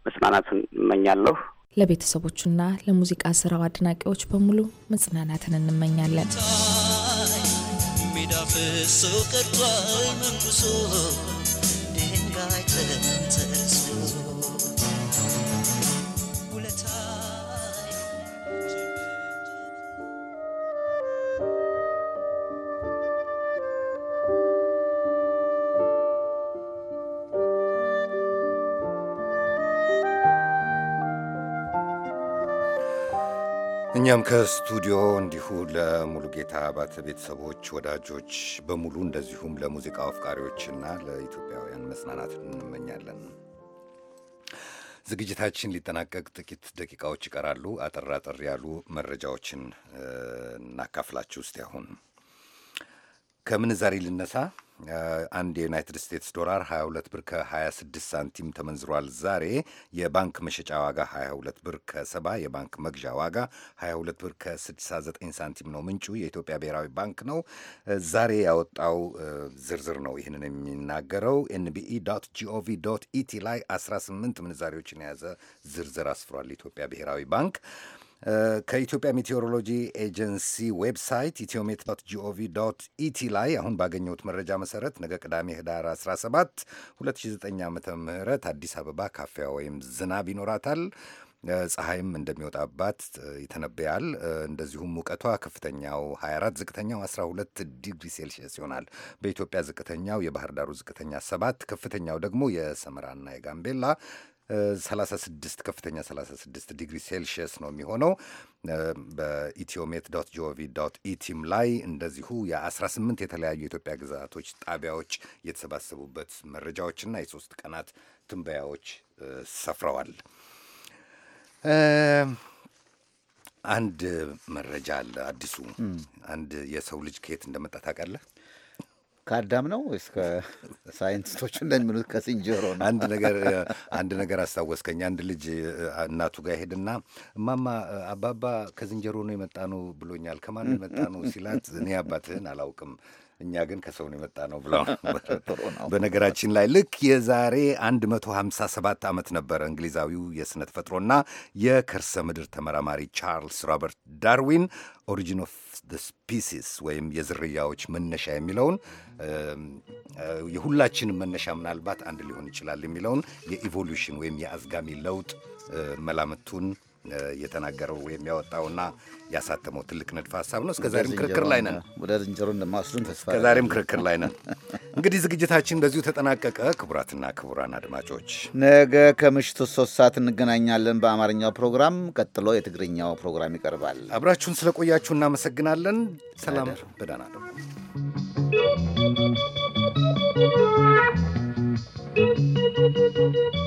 Speaker 13: መጽናናቱን እመኛለሁ።
Speaker 11: ለቤተሰቦቹና ለሙዚቃ ስራው አድናቂዎች በሙሉ መጽናናትን እንመኛለን።
Speaker 10: ሜዳ ፈሶ
Speaker 4: መንጉሶ ድንጋይ ተንተ
Speaker 1: እኛም ከስቱዲዮ እንዲሁ ጌታ አባተ ቤተሰቦች፣ ወዳጆች በሙሉ እንደዚሁም ለሙዚቃ አፍቃሪዎችና ለኢትዮጵያውያን መጽናናት እንመኛለን። ዝግጅታችን ሊጠናቀቅ ጥቂት ደቂቃዎች ይቀራሉ። አጠር አጠር ያሉ መረጃዎችን እናካፍላችሁ ውስጥ አሁን ከምንዛሪ ልነሳ። አንድ የዩናይትድ ስቴትስ ዶላር 22 ብር ከ26 ሳንቲም ተመንዝሯል። ዛሬ የባንክ መሸጫ ዋጋ 22 ብር ከ70፣ የባንክ መግዣ ዋጋ 22 ብር ከ69 ሳንቲም ነው። ምንጩ የኢትዮጵያ ብሔራዊ ባንክ ነው። ዛሬ ያወጣው ዝርዝር ነው ይህንን የሚናገረው። ኤንቢኢ ጂኦቪ ኢቲ ላይ 18 ምንዛሪዎችን የያዘ ዝርዝር አስፍሯል የኢትዮጵያ ብሔራዊ ባንክ ከኢትዮጵያ ሜቴዎሮሎጂ ኤጀንሲ ዌብሳይት ኢትዮሜት ዶት ጂኦቪ ዶት ኢቲ ላይ አሁን ባገኘሁት መረጃ መሰረት ነገ ቅዳሜ ህዳር 17 2009 ዓ ም አዲስ አበባ ካፊያ ወይም ዝናብ ይኖራታል። ፀሐይም እንደሚወጣባት ይተነበያል። እንደዚሁም ሙቀቷ ከፍተኛው 24፣ ዝቅተኛው 12 ዲግሪ ሴልሺየስ ይሆናል። በኢትዮጵያ ዝቅተኛው የባህር ዳሩ ዝቅተኛ 7፣ ከፍተኛው ደግሞ የሰመራና የጋምቤላ 36 ከፍተኛ 36 ዲግሪ ሴልሺየስ ነው የሚሆነው። በኢትዮሜት ዶት ጂኦቪ ዶት ኢቲም ላይ እንደዚሁ የ18 የተለያዩ የኢትዮጵያ ግዛቶች ጣቢያዎች የተሰባሰቡበት መረጃዎችና የሶስት ቀናት ትንበያዎች ሰፍረዋል። አንድ መረጃ አለ አዲሱ። አንድ የሰው ልጅ ከየት እንደመጣ ታውቃለህ? ከአዳም ነው ወይስ ከሳይንቲስቶቹ እንደሚሉት ከሲንጀሮ ነው? አንድ ነገር አንድ ነገር አስታወስከኝ። አንድ ልጅ እናቱ ጋር ሄድና እማማ አባባ ከዝንጀሮ ነው የመጣ ነው ብሎኛል። ከማን የመጣ ነው ሲላት እኔ አባትህን አላውቅም እኛ ግን ከሰው የመጣ ነው ብለው በነገራችን ላይ ልክ የዛሬ 157 ዓመት ነበረ እንግሊዛዊው የሥነ ተፈጥሮና የከርሰ ምድር ተመራማሪ ቻርልስ ሮበርት ዳርዊን ኦሪጂን ኦፍ ስፒሲስ ወይም የዝርያዎች መነሻ የሚለውን የሁላችንም መነሻ ምናልባት አንድ ሊሆን ይችላል የሚለውን የኢቮሉሽን ወይም የአዝጋሚ ለውጥ መላምቱን የተናገረው ወይም ያወጣውና ያሳተመው ትልቅ ንድፍ ሀሳብ ነው። እስከዛሬም ክርክር ላይ ነን። ወደ ዝንጀሮ እንደማስሉን ተስፋ እስከዛሬም ክርክር ላይ ነን። እንግዲህ ዝግጅታችን በዚሁ ተጠናቀቀ። ክቡራትና ክቡራን አድማጮች
Speaker 2: ነገ ከምሽቱ ሶስት ሰዓት እንገናኛለን። በአማርኛው ፕሮግራም
Speaker 1: ቀጥሎ የትግርኛው ፕሮግራም ይቀርባል። አብራችሁን ስለቆያችሁ እናመሰግናለን። ሰላም በደህና ነው።